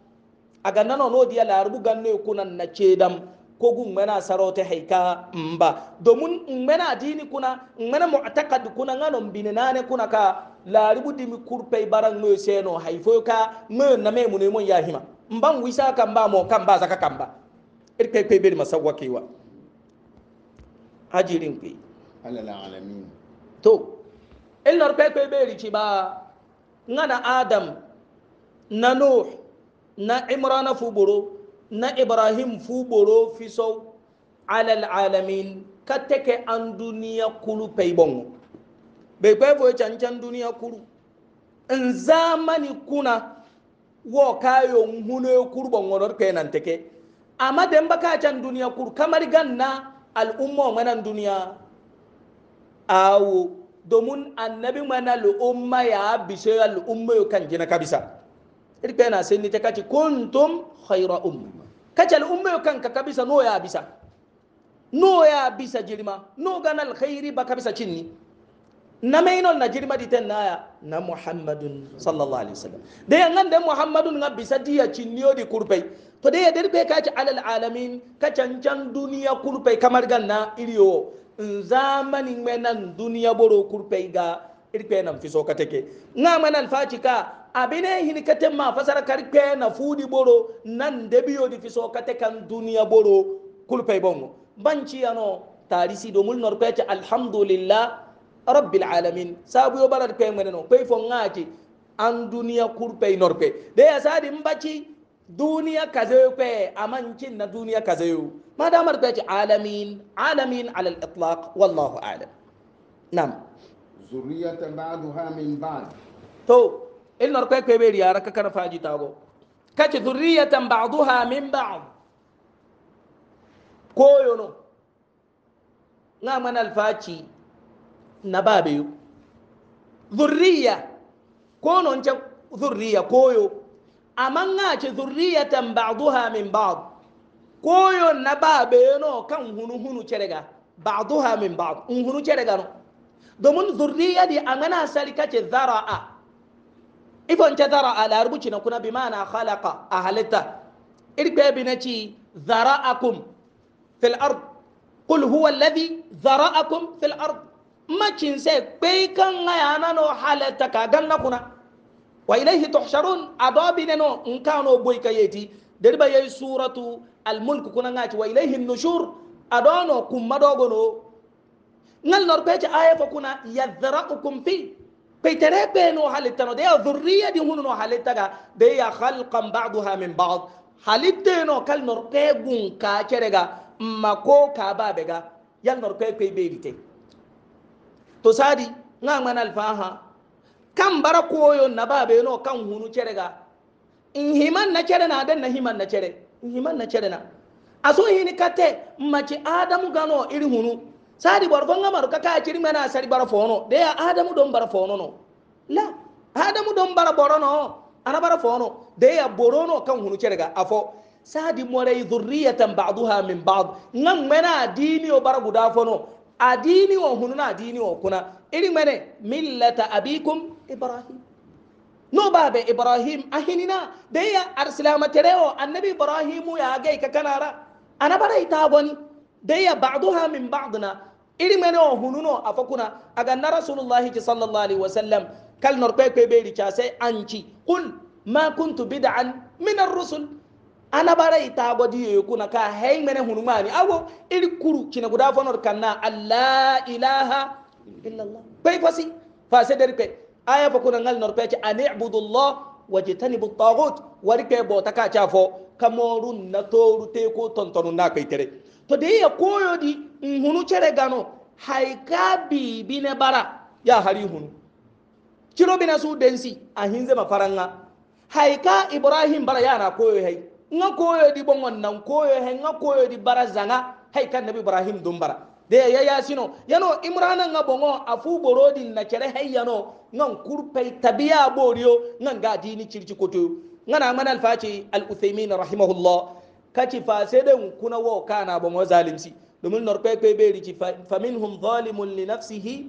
aga nano no diya larubu ganno kuna na cedam kogu ngmena sarote haika mba domin ngmena dini kuna ngmena mu'taqad kuna ngano mbine nane kuna ka larubu dimi kurpe bara ngoyo seno haifo ka ngoyo na me munu mon yahima mban wisa kamba mo kamba zaka kamba irpe pe beri masawwa kiwa ajirin ki alal alamin to illar pepe bai rici ba ngana adam na nuh na imrana fuburo na ibrahim fuburo fiso alal alamin ka teke an duniya kulu peibon bai kwefo cancan duniya kulu in zamani kuna wo kayo hune kurbon wadar kenan take amma da baka can duniya kuru kamar ganna al'umma manan duniya awo domin annabi mana al'umma ya bishe al'umma yau kan gina kabisa irpe na sai ni ta kaci kuntum khaira umma kaci al'umma yau kan ka kabisa no ya bisa no ya bisa jirma no gana alkhairi ba kabisa cinni na mainol na jirma di ten naya na muhammadun sallallahu alaihi wasallam da yangan da muhammadun nga bisa diya cinni di kurpai to da ya dirbe kaci alal alamin ka cancan duniya kurpai kamar ganna iriyo in zamani menan duniya boro kurpe ga irpe nan fiso ka take nga manan facika abine hini kate ma fasara karpe na fudi boro nan debiyo di fiso ka take kan duniya boro kurpe bongo banci ano tarisi do mul norpe alhamdulillah rabbil alamin sabu yo barar pe meneno pe fo ngati an duniya kurpe norpe de asadi mbaci duniya kazeyo pe amancin na duniya kazeyo ما دام ارتج عالمين عالمين على الإطلاق والله أعلم نعم ذرية بعضها من بعض تو إلنا ارتج كبير يا رك كان فاجي تاغو كاتش ذرية بعضها من بعض كويونو نعم أنا الفاتشي نبابيو ذرية كونو ذرية كويو أما نعم ذرية بعضها من بعض koyo na babe no kan hunu hunu cerega ba'daha min ba'd hunu cerega no domin zurriya di amana salika ce zara'a ifon ce zara'a larbuci na kuna bi mana khalaqa a halitta irbe bi na ci zara'akum fil ard qul huwa alladhi zara'akum fil ard macin sai kai kan ayana no halatta ka ganna kuna wa ilayhi tuhsharun adobi ne no in kano almulku kuna ngati wa ilayhi nushur adono kumma dogono ngal nor pece aya fo kuna yadraukum fi peytere ɓeno halittano de ya dhurriya ɗi hununo halittaga de ya halqan baduha min bad halitteno kal nor pe gun ka cerega ma ko ka baɓe ga yal nor pe pey ɓeerite to sadi gaman alfaha kan bara koyo na baɓeno kan hunu cerega in himan na cere na den na himan na cere himan na cerena aso hini kate mace adamu gano iri hunu sadi barkon gamar ka ka ciri mana sari bara fono de ya adamu don bara fono no la adamu don bara borono ana bara fono de ya borono kan hunu cerega afo sadi morai zurriyatan ba'daha min ba'd nan mana dini o bara guda fono adini o hunu na adini o kuna iri mene millata abikum ibrahim no babe ibrahim ahinina de ya arsilama tereo annabi ibrahimu ya gai ka kanara ana barai ta goni de ya ba'duha min ba'dina iri mene o hununo afakuna aga na rasulullah sallallahu alaihi wasallam kal nor pe pe beri cha sai anci qul ma kuntu bid'an min ar-rusul ana barai ta godi ye kuna ka hay mene hunumani awo iri kuru kina guda fonor kanna allah ilaha illallah pe fasi fasi dari pe aya ba kuna ngal norpe ci ani ibudullah wajtanibu tagut warike bota ka cha fo kamorun na toru te ko tontonu na kai tere to de ya koyo di hunu cere gano haika bi bine bara ya hari hunu kiro bina su densi a mafaranga haika ibrahim bara yana koyo hai nga koyo di bongon nan koyo hai nga koyo di bara zanga haika nabi ibrahim dum bara de ya yasino yano imrana nga bongo afu borodin na kere hai yano nan kurpai tabiya boriyo nan ga dini circi koto ngana man alfaci al uthaymin rahimahullah kaci fa sai dan kuna wo kana ba mo zalimsi domin norpe pe be riki faminhum zalimun li nafsihi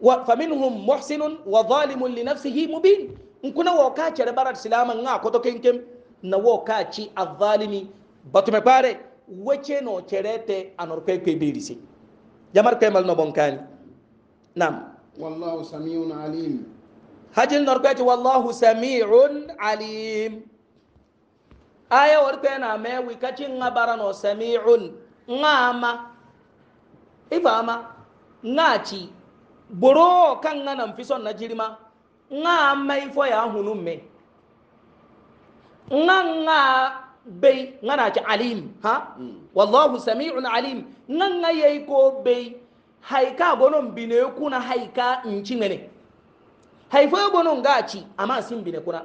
wa faminhum muhsinun wa zalimun li nafsihi mubin in kuna wo ka cere barat silama nga koto kenkem na wo ka ci azalimi batume pare wace no cerete anorpe pe be risi jamar kai mal no bonkani nam wallahu samiun alim hajin norpeti wallahu samiun alim aya warpe na me wikachi nga barano samiun nga ama ifa ama nga chi boro kan nga nan fison na jirima nga ama ifo ya hunu me nga nga bei nga na chi alim ha mm. wallahu samiun alim nga nga yei haika gonon bine kuna haika nci mene haifo gonon gaci amma sin bine kuna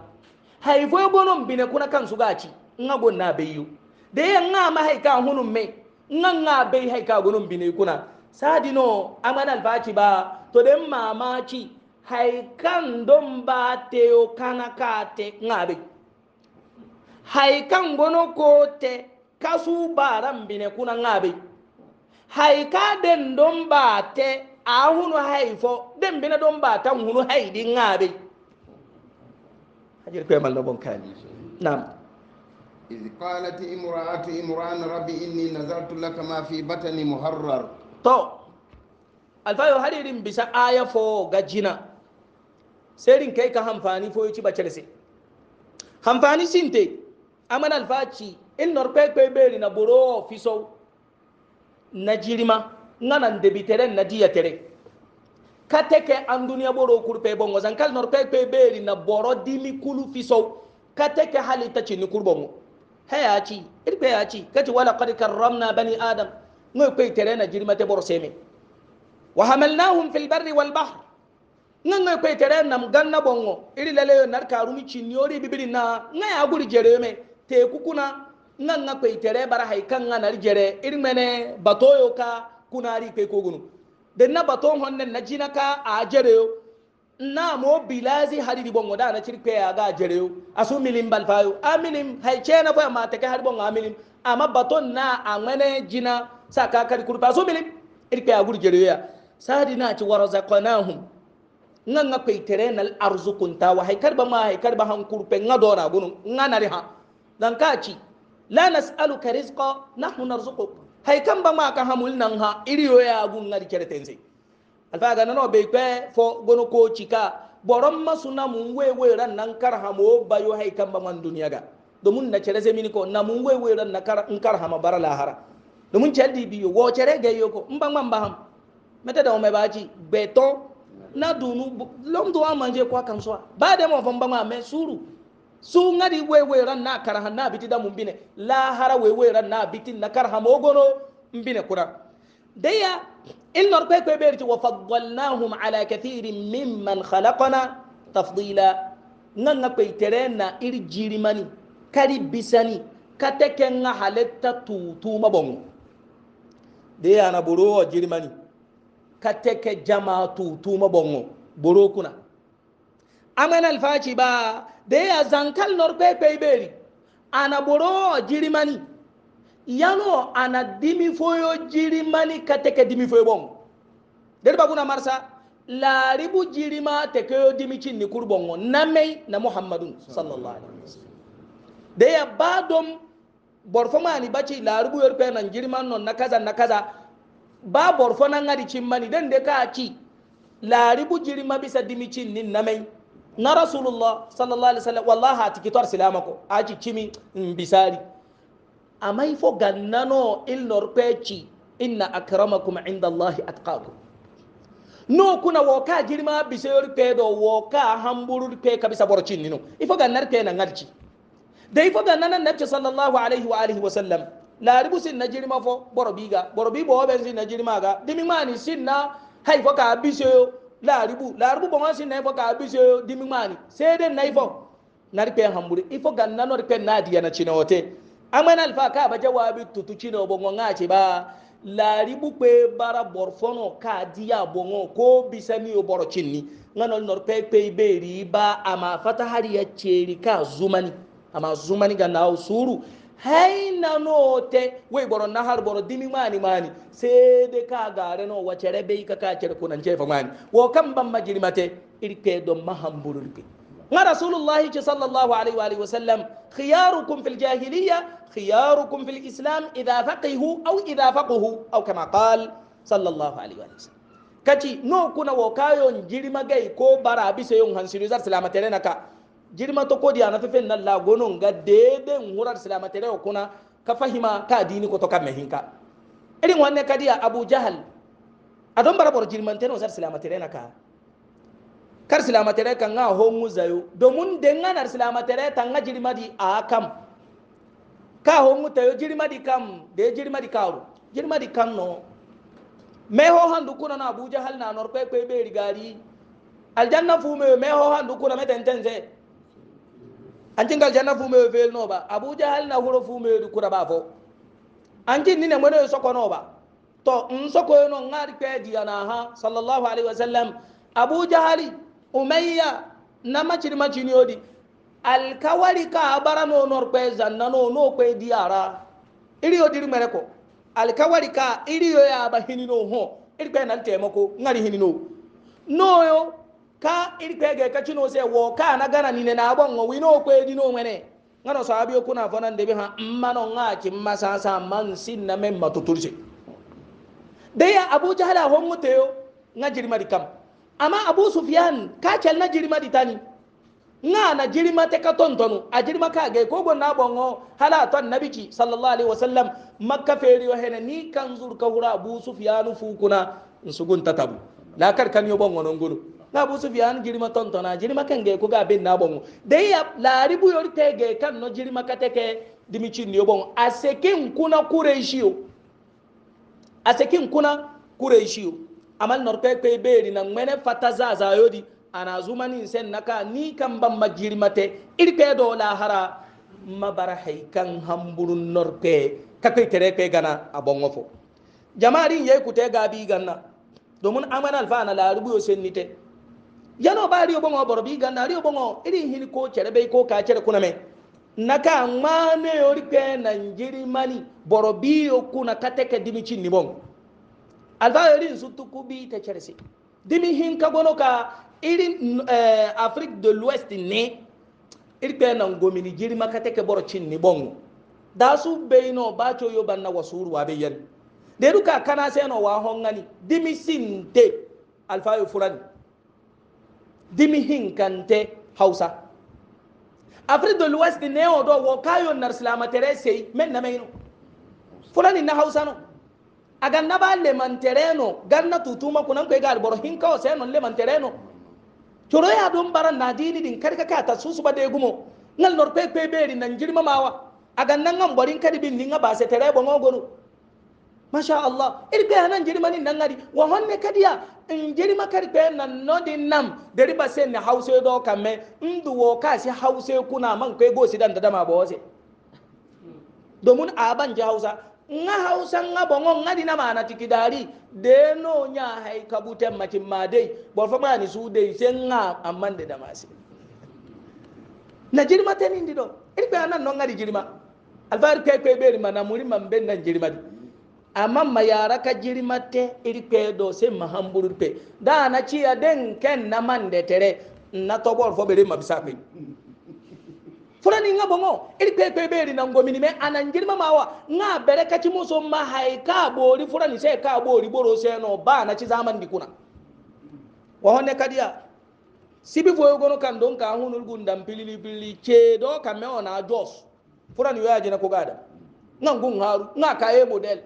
haifo gonon bine kuna kansu gaci nga gonna bayu da nga ma haika hunun me nga nga bai haika gonon bine kuna sadino amana alfaci ba to den mamaci haikan don ba teo kana kate nga bai haikan gono ko te kasu baran bine kuna nga bai hay ka den don ba te a hunu hay fo den bina don ba tan hunu hay din ngabe hajir ko mallo bon kali nam إذ قالت امرأة إمران ربي إني نذرت لك ما في بطني محرر تو alfayo haririn bisa aya fo ga jina serin kai ka hamfani fo yuci bacere se hamfani sinte aman alfaci in nor kwe kwe beri na boro fiso na jirima ngana ndebitere na diyatere kateke an duniya boro kurpe bongo zankal norpe pe beri na boro dimi kulu fiso kateke halita chini kurbongo haya chi irpe ya chi kati wala qad karramna bani adam ngoy pe tere na jirima te boro seme wa hamalnahum fil barri wal bahr nganga pe tere na mganna bongo iri lele nar karumi chini ori bibiri ngaya guri jereme te kukuna nga nga kwe itere bara haikan nga narjere irmene batoyo ka kunari kwe kogunu den na baton honne na jina ka a jereyo na mo bilazi hariri bongo da na aga ya ga jereyo asu milim balfayo aminim haice na fo ma take har bongo milim. Ama baton na amene jina saka kar kurpa asu milim irkwe ya gur jereyo ya sadi na ci warzaqnahum nga nga kwe itere nal arzukun ta wa haikar ba ma haikar ba han kurpe nga dora gunu nga nari ha dan ka la nas'aluka rizqa nahnu narzuquk hay ba ma ka hamul nan ha iriyo ya gun ngari keretense alfa ga nano be kwe fo gono ko chika boron masu na mun wewe ran nan kar hamo bayo hay kamba man duniya ga domin na kere zemini ko na mun wewe ran na kar in kar hama bara lahara domin chaldi biyo wo chere ga yoko mban man ba ham meta da o me baji beto na dunu lom do amanje kwa kanso ba de mo fon ba ma me suru su ngari wewe ran na karha na biti da mumbine la hara wewe ran na biti na karha mogono mbine kura daya il nor kwe kwe berti wa faddalnahum ala kathirin mimman khalaqana tafdila nganga kwe terena iri jirimani kari bisani kateke nga haletta tutu mabongo daya na buru wa jirimani kateke jamaa tutu mabongo buru kuna amen alfaci ba da ya zankal nor pepe beri ana boro jirimani yano ana dimi foyo jirimani kateke dimi foyo bon der baguna marsa laribu jirima tekeyo dimi cinni kurbongo namei na muhammadun sallallahu alaihi wasallam da ya ba borfo mani baci laribu yor pe nan jiriman non na kaza na kaza ba borfo nan ngari cimmani den de ka ci laribu jirima bisa dimi cinni namei na rasulullah sallallahu alaihi wasallam wallahi ati kitor silama ko aji chimi mbisari amai fo gannano ilnor peci inna akramakum inda allahi atqakum no kuna woka jirma biseyor pedo woka hamburur pe kabisa borcin nino ifo gannar pe na ngalci da ifo gannan nabci sallallahu alaihi wa alihi wasallam laribu sin na jirma fo borobiga borobi bo ben sin na jirma ga dimi mani sin na hay ka biseyo laaribu laaribu bonga si na ifo ka abise dimimani sede na ifo na ripe hamburi ifo ganna di ripe na diya na chinote amana alfa ka ba jawabi tutu chino bongo ngache ba laaribu pe bara borfono ka diya bongo ko bisani o boro chinni ngano nor pe pe iberi ba ama fata hari ya cheri ka zumani ama zumani ganna usuru haina note wai boro na har boro dimi mani mani sai dai ka gare no wace rabe ka ka kire kunan jefa mani wo kan ban majirmate irke don mahamburulke ما رسول الله صلى الله عليه وآله وسلم خياركم في الجاهلية خياركم في الإسلام إذا فقه أو إذا فقه أو كما قال صلى الله عليه وآله وسلم كتي نو كنا وكايون جريما جاي كو برا بيسيون هنسيريزار سلامة لنكا jirma to kodi ana fefe na lagonon ga dede ngurar silama tere kuna ka fahima ka dini ko to ka mehinka irin wanne kadiya abu jahal adon bara bor jirman tere wasar silama tere na ka kar silama tere kan nga ho nguzayo domun denga na silama tere tanga jirma di akam ka ho ngutayo jirma di kam de jirma di karu jirma di kam no me ho handu kuna na abu jahal na norpe kwe be rigari aljanna fume me ho handu kuna metentenze anti ngal janna no ba Abuja jahal na huro fumeyoɗi kuraba fo anti nine gonoyo ba to n sokoyono ngari ana ha Sallallahu alaihi wasallam Abuja abou jahali umayya na macini maciniyoɗi alkawari ka barano nor kwe zannano no kwe diyara iriyo diri mere ko alkawari ka iriyo ya ba hinino ho iri kwe nan temako ngari hinino noyo ka irkpege ka chino se wo ka na gana nine na abon wo wino kwe dino wene ngano sahabi ko na fana ndebe ha mmano nga ki masa sa man sin na men matuturje de ya abu jahala hon muteo nga jirma di kam amma abu sufyan ka chel na jirma di tani nga na jirma te ka tontonu a jirma ka ge ko gonna bongo hala ton nabiki sallallahu alaihi wasallam makka feri wa hena ni kan zur ka hura abu sufyanu fukuna nsugun tatabu la kar kan yo bongo non ga abu sufyan jirma tontona jirma kan ge ko ga ben na bon de ya lari bu yori te ge kan no jirma kateke dimichi ni bon asekin kuna kureishiyo asekin kuna kureishiyo amal norpe pe beri na ngmene fataza za yodi ana zumani sen naka ni kan ban majirmate irpe do la hara mabara haikan hamburun norpe kakai tere pe gana a bongofo jama'arin yayi kute gabi ganna domin aman alfa na larubu yo ni te yano ba riyo bongo boro bi ganna riyo bongo iri hini ko chere be ko ka chere kuna me naka mane yori pe na njiri mani boro bi yo kuna kateke dimi ni bongo alba yori nsutu kubi te chere si dimi hin ka gono ka iri eh, afrique de l'ouest ne iri pe na ngomini jiri makateke boro chin ni bongo dasu beino bacho yo banna wasuru wa be yari deru ka kana seno wa hongani dimi sinte alfa yo fulani dimi hinkante hausa afrique de l'ouest ne o do wo kayo nar silamatere sey men na meyno fulani na hausa no aga naba le mantereno ganna tutuma kunan koy e gal boro hinka o seno le mantereno coro ya don bara na dini din karka ka ta susu ba de gumo ngal nor pe pe beri nan jirma mawa aga nan ngam borin kadi bin ninga ba se tere bo ngogoro masha Allah ir pe hanan jeri mani nan ngari wa honne kadiya in jeri makari pe nan no din nam deri ba sen na hause do kamme ndu wo ka si hause kuna man kai go si dan da dama bo se domin aban ji hausa nga hausa nga bongo nga dina mana tikidari de no nya hay kabute makin ma dai bor fa mani su dai sen nga amman da dama se na jirma tenin dido ir pe hanan no ngari jirma alfar kai kai beri mana muri man ben nan jirma di amma mayara ka jirmatte irpe do se mahamburpe da na ci aden ken na mande tere na tobor fo bere mabisa pe fulani nga bongo irpe pe bere na ngomini me anan jirma mawa nga bere ka ci muso ma hay ka bori fulani se ka bori boro se no ba na ci zaman dikuna wa honne kadiya sibi fo gono kan don ka hunul gundam pilili pilili che do ka me ona jos fulani yo ajena ko gada nga ngun haru nga ka e model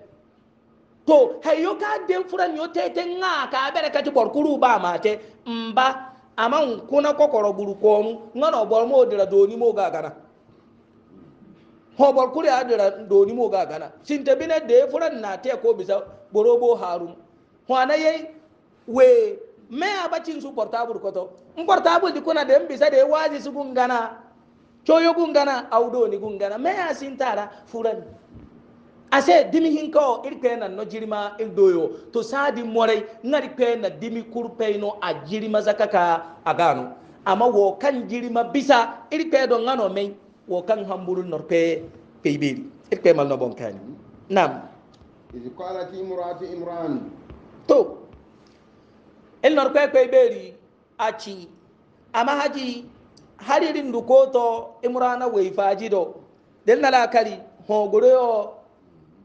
to hayo ka den fura furan yo tete nga ka bere kati borkuru ba mate mba ama nkuna kokoro buru ko mu n'o obor mo dira doni mo ga gana ho borkuru ya dira doni mo ga gana sinte bine de fura na te ko bisa borobo harum ho anaye we me abacin su portable koto n portable di kuna dem bisa de wazi su gungana coyo gungana audo ni gungana me asin tara furan ase dimi hinka o iri kpe na no jirima iri doyo to sadi morai ngari kpe na dimi kurpe no a jirima zakaka agano ama wo kan jirima bisa iri kpe don ngano mai wo kan hamburu norpe peibiri iri kpe mal no bonkani nam izi qalat imra'atu imran to il norpe peibiri aci amma haji haririn dukoto imrana weifaji do del nala kali hogoro yo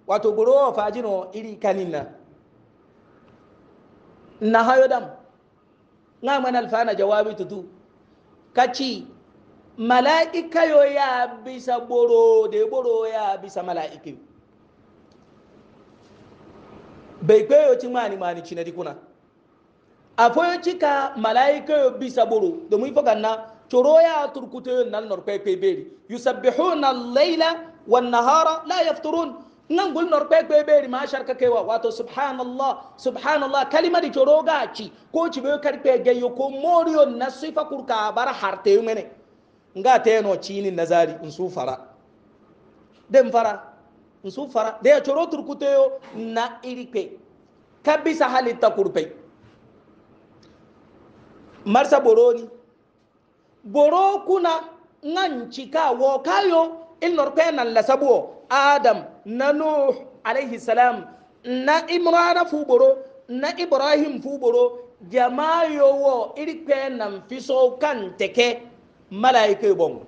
wato buro fajino iri kanina na hayo dam na man alfana jawabi tutu kachi mala'ika yo ya bisa boro de boro ya bisa mala'ika bai yo ci mani mani ci na dikuna afoyo cika mala'ika yo bisa boro mu fagan na coro ya turkuta yo nor norkwai kwai beri yusabbihuna laila wan nahara la yafturun nan gul nor kwe kwe beri ma sharka kewa wato subhanallah subhanallah kalima di choro ga ci ko ci be kar kwe ge yo ko moriyo na sifa kurka bar harte mene nga te no cini nazari in su fara dem fara in su fara de choro turkute yo na irike kabisa halitta kurpe marsa boroni boro kuna nan cika wo kayo il nor kwe nan la sabuo adam na nuh alaihi salam na imrana fuboro na ibrahim fuboro jama yowo irikpe nan fiso kan teke malaika bon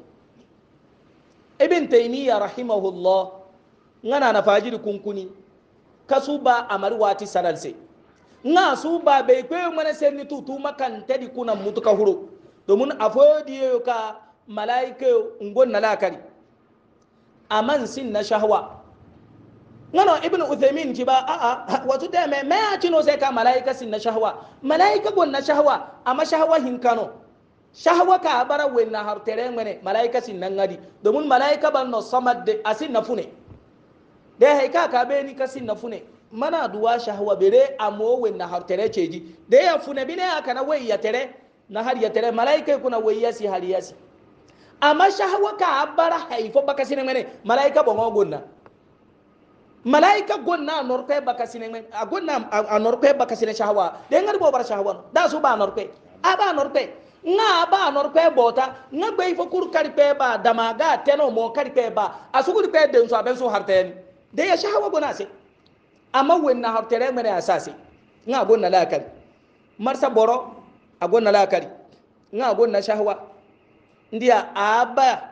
ibn taymiya rahimahullah ngana na fajiri kunkuni kasuba amari wati sanalse nga suba be kwe mana senni tutu makan tedi kuna mutuka huro domin afodiyo ka malaika ngon nalakari aman sin na shahwa ngano ibn uthaymin jiba a ah, a ah, wato da me me aci no sai ka malaika sin na shahwa malaika gon na shahwa amma shahwa hin kano shahwa ka bara wen na har tere ngene malaika sin nan ngadi domin malaika ban no samad de asin na fune de hay ka ka be ni kasin na fune mana duwa shahwa bere amo wen na har tere ceji de ya fune bine aka na wai ya tere na har ya tere malaika kuna wai yasi har yasi amma shahawa ka bara haifo baka sine mene malaika bon gonna malaika gonna norpe baka sine mene a gonna a norpe baka sine shahawa de ngar bo bar shahawa da su ba norpe a ba norpe nga ba norpe bota nga gbe ifo kur karpe ba damaga teno mo karpe ba asugul pe den so aben so harten de ya shahawa gona se amma wenna hartere mene asase nga gonna lakari marsa boro a gonna lakari nga gonna shahawa ndia aba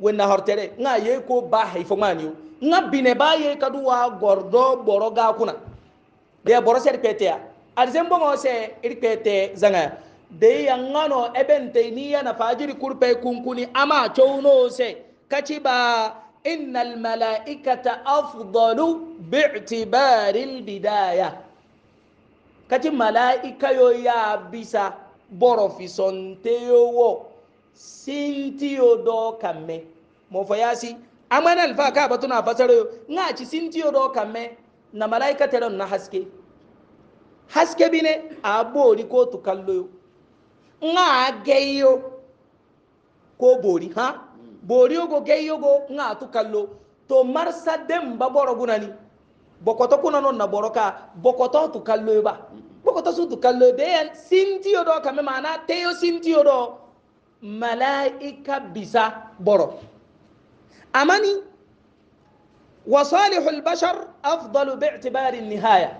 wena hortere nga ye ko ba haifo maniyo nga bine ba ye kadu wa gordo boro ga kuna de boro ser petea arzen bongo se irpete zanga de yangano ebente niya na fajiri kurpe kunkuni ama chouno se kachiba innal malaikata afdalu bi'tibari albidaya kachi malaika yo ya bisa boro fisonteyo wo sintiyo do kamme mo fayasi amana alfa ka batuna fasaro nga ci sintiyo do kamme na malaika teron na haske haske bine abori ko to kallo nga geyo ko bori ha bori ogo geyo go nga to kallo to marsa dem baboro gunani bokoto kuna non na boroka bokoto to kallo ba bokoto su to kallo de sintiyo do kamme mana teyo sintiyo do malaika bisa boro amani wa salihul bashar afdalu bi'tibari nihaya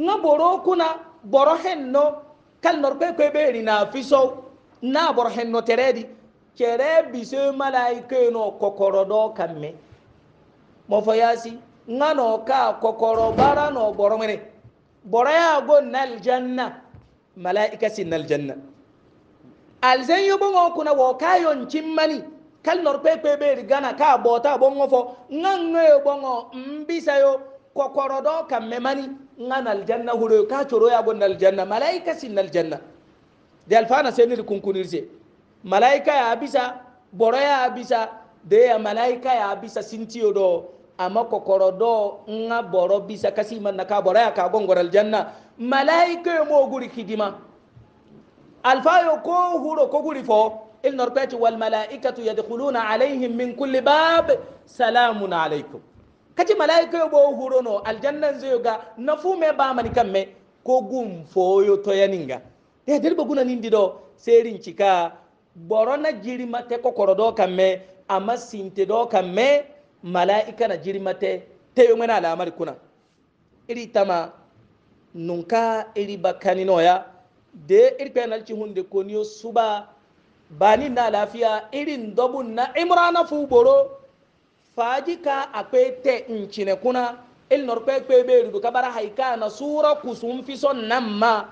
nga boro kuna boro henno kal nor kwe kwe beri na fiso na boro henno teredi kere bise malaika no kokoro do kamme mo fayasi nga no ka kokoro bara no boro mene boro ya go nal janna malaika sin nal janna alzen yo bongo kuna wo kayo nchimmani kal nor pepe be rigana ka bota bongo fo ngango yo bongo mbisa yo kokoro do kamme mani ngan aljanna huro ka choro ya gon aljanna malaika sin aljanna de alfana senir kunkunirse malaika ya bisa boro ya bisa de ya malaika ya bisa sintiyo do amma kokoro do nga boro bisa kasi man na ka boro ya ka gon aljanna malaika yo mo guri kidima alfayo ko huro ko guri fo il norpeti wal malaikatu yadkhuluna alaihim min kulli bab salamun alaikum kati malaika yo bo huro no aljanna zai ga nafu me ba mani kamme ko gum foyo to yaninga de der bo guna nindi do serin cika borona jirima te kokoro do kamme amma sinte do kamme malaika na jirima te te yo mena alamar kuna iri tama nunka iri bakani noya de irpe nalci hunde koniyo suba bani na lafiya irin dobun na imrana fuboro faji ka akwe te incine kuna ilnor kwekwe be rudu kabara haika na sura kusum fi son nan ma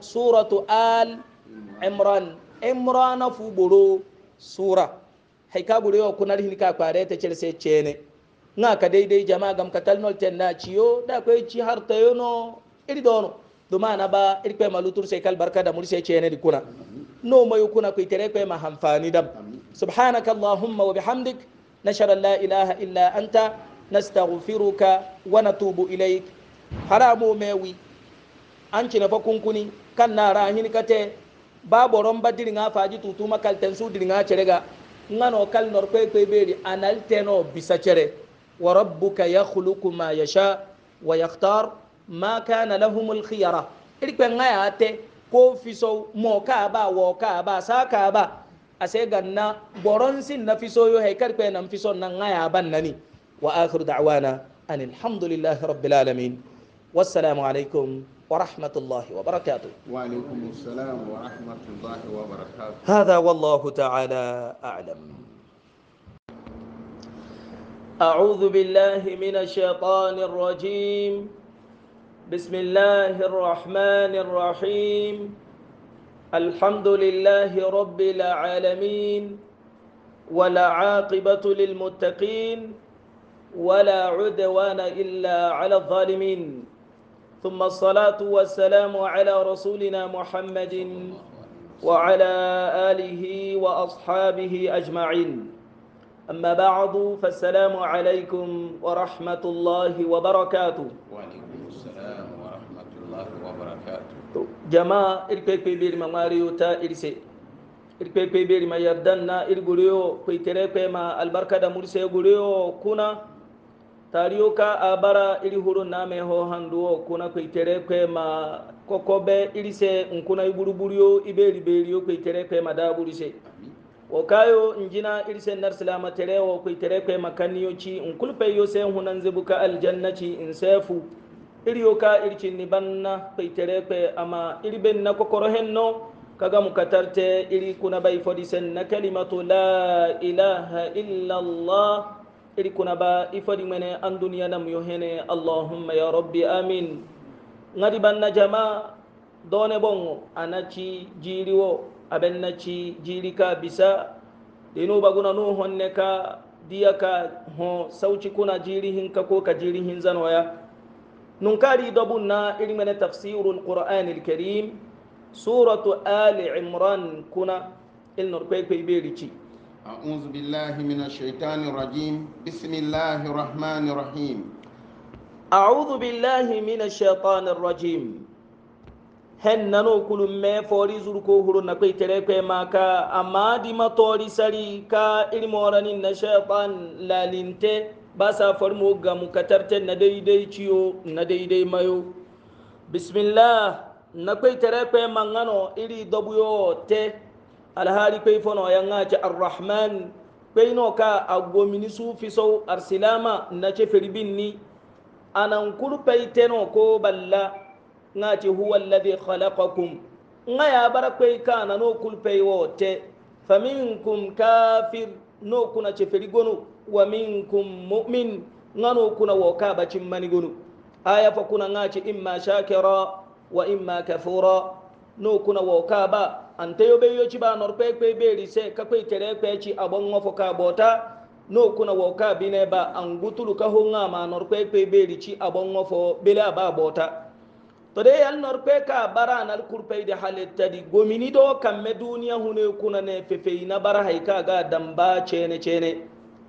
suratu al imran imrana boro sura haika buru yau kunar hinika kware ta cirse cene na ka daidai jama'a gam katal nol ten ciyo da kwai ci har tayono iri dono duma na ba irpe ma lutur sai kal barka da murse ce ne dikuna no mayu kuna ku itere pe ma hamfani dam subhanaka allahumma wa bihamdik nashara la ilaha illa anta nastaghfiruka wa natubu ilaik haramu mewi an cina fa kunkuni kan na rahin kate baboron badiri nga faji tutu makalten su diri nga cerega ngano kal nor kwe kwe beri anal bisa cere wa rabbuka yakhluqu ma yasha wa yakhtar ma kana lahum alkhiyara irkwe ngaya te ko fiso mo ka ba wo ka ba sa ka ba ase ganna boron sin na fiso yo he karkwe nan fiso nan ngaya ban nani wa akhiru da'wana an alhamdulillahi rabbil alamin wassalamu alaikum ورحمة الله وبركاته وعليكم السلام ورحمة الله وبركاته هذا والله تعالى أعلم أعوذ بالله من الشيطان الرجيم بسم الله الرحمن الرحيم الحمد لله رب العالمين ولا عاقبة للمتقين ولا عدوان إلا على الظالمين ثم الصلاة والسلام على رسولنا محمد وعلى آله وأصحابه أجمعين أما بعد فالسلام عليكم ورحمة الله وبركاته وعليكم السلام ورحمة الله وبركاته جماعة إرقيق في بير مماري وتا إرسي إرقيق في بير ما يردنا إرقليو في تريق ما البركة مرسي قليو كنا تاريوكا أبرا إرهور نامي هو هندو كنا في تريق ما كوكوبي إرسي نكونا يبرو بريو إبير بيريو في تريق ما دابو رسي أمين wo kayo injina irsen nar silama tere wo kuy tere kwe makanniyo ci in kulpe yo sen hunan zibuka aljanna ci in sefu iri ka irci ni banna kuy tere kwe ama iri ben na kokoro henno kaga mu katarte iri kuna bay fodi sen na kalimatu la ilaha illa allah iri kuna ba ifodi mene an duniya nam yo hene allahumma ya rabbi amin ngadi banna jama done bongo anaci jiriwo abenna ci jilika bisa inuba guna no honne ka diya ka ho sauci kuna jirihin ka ko ka jirihin zanoya nunkari dabun na ilmene tafsirul qur'anil karim suratu ali imran kuna ilnor kwaikwai berici أعوذ بالله من الشيطان الرجيم بسم الله الرحمن الرحيم أعوذ بالله من الشيطان hen nano kulum me fori zuru ko huru na kai tere kai maka amma di matori sari ka ilmorani na shaytan lalinte ba sa farmo ga mukatarten na daidai ciyo na daidai mayo bismillah na kai tere kai mangano iri dobuyo te alhali kai fono yanga ci arrahman kai no ka agomini sufi sau arsilama na ce firbin ni anan kurpai ko balla nga ci huwa alladhi khalaqakum nga ya bara kwe kana no kulpe wote faminkum kafir no kuna cheferi gono wa minkum mu'min nga no kuna woka bacin mani gono aya fa kuna nga ci imma shakira wa imma kafura no kuna woka ba ante yo be yo ci ba nor pe pe be ri se ka kwe tere pe ci abon ngofo ka bota no kuna woka bine ba angutulu ka ho nga ma nor pe pe be ci abon ngofo bele aba bota to de yal nor pe ka bara nal kurpe de halitta di gomini do kamme duniya hune kuna ne fefe na bara hay ka ga damba chene chene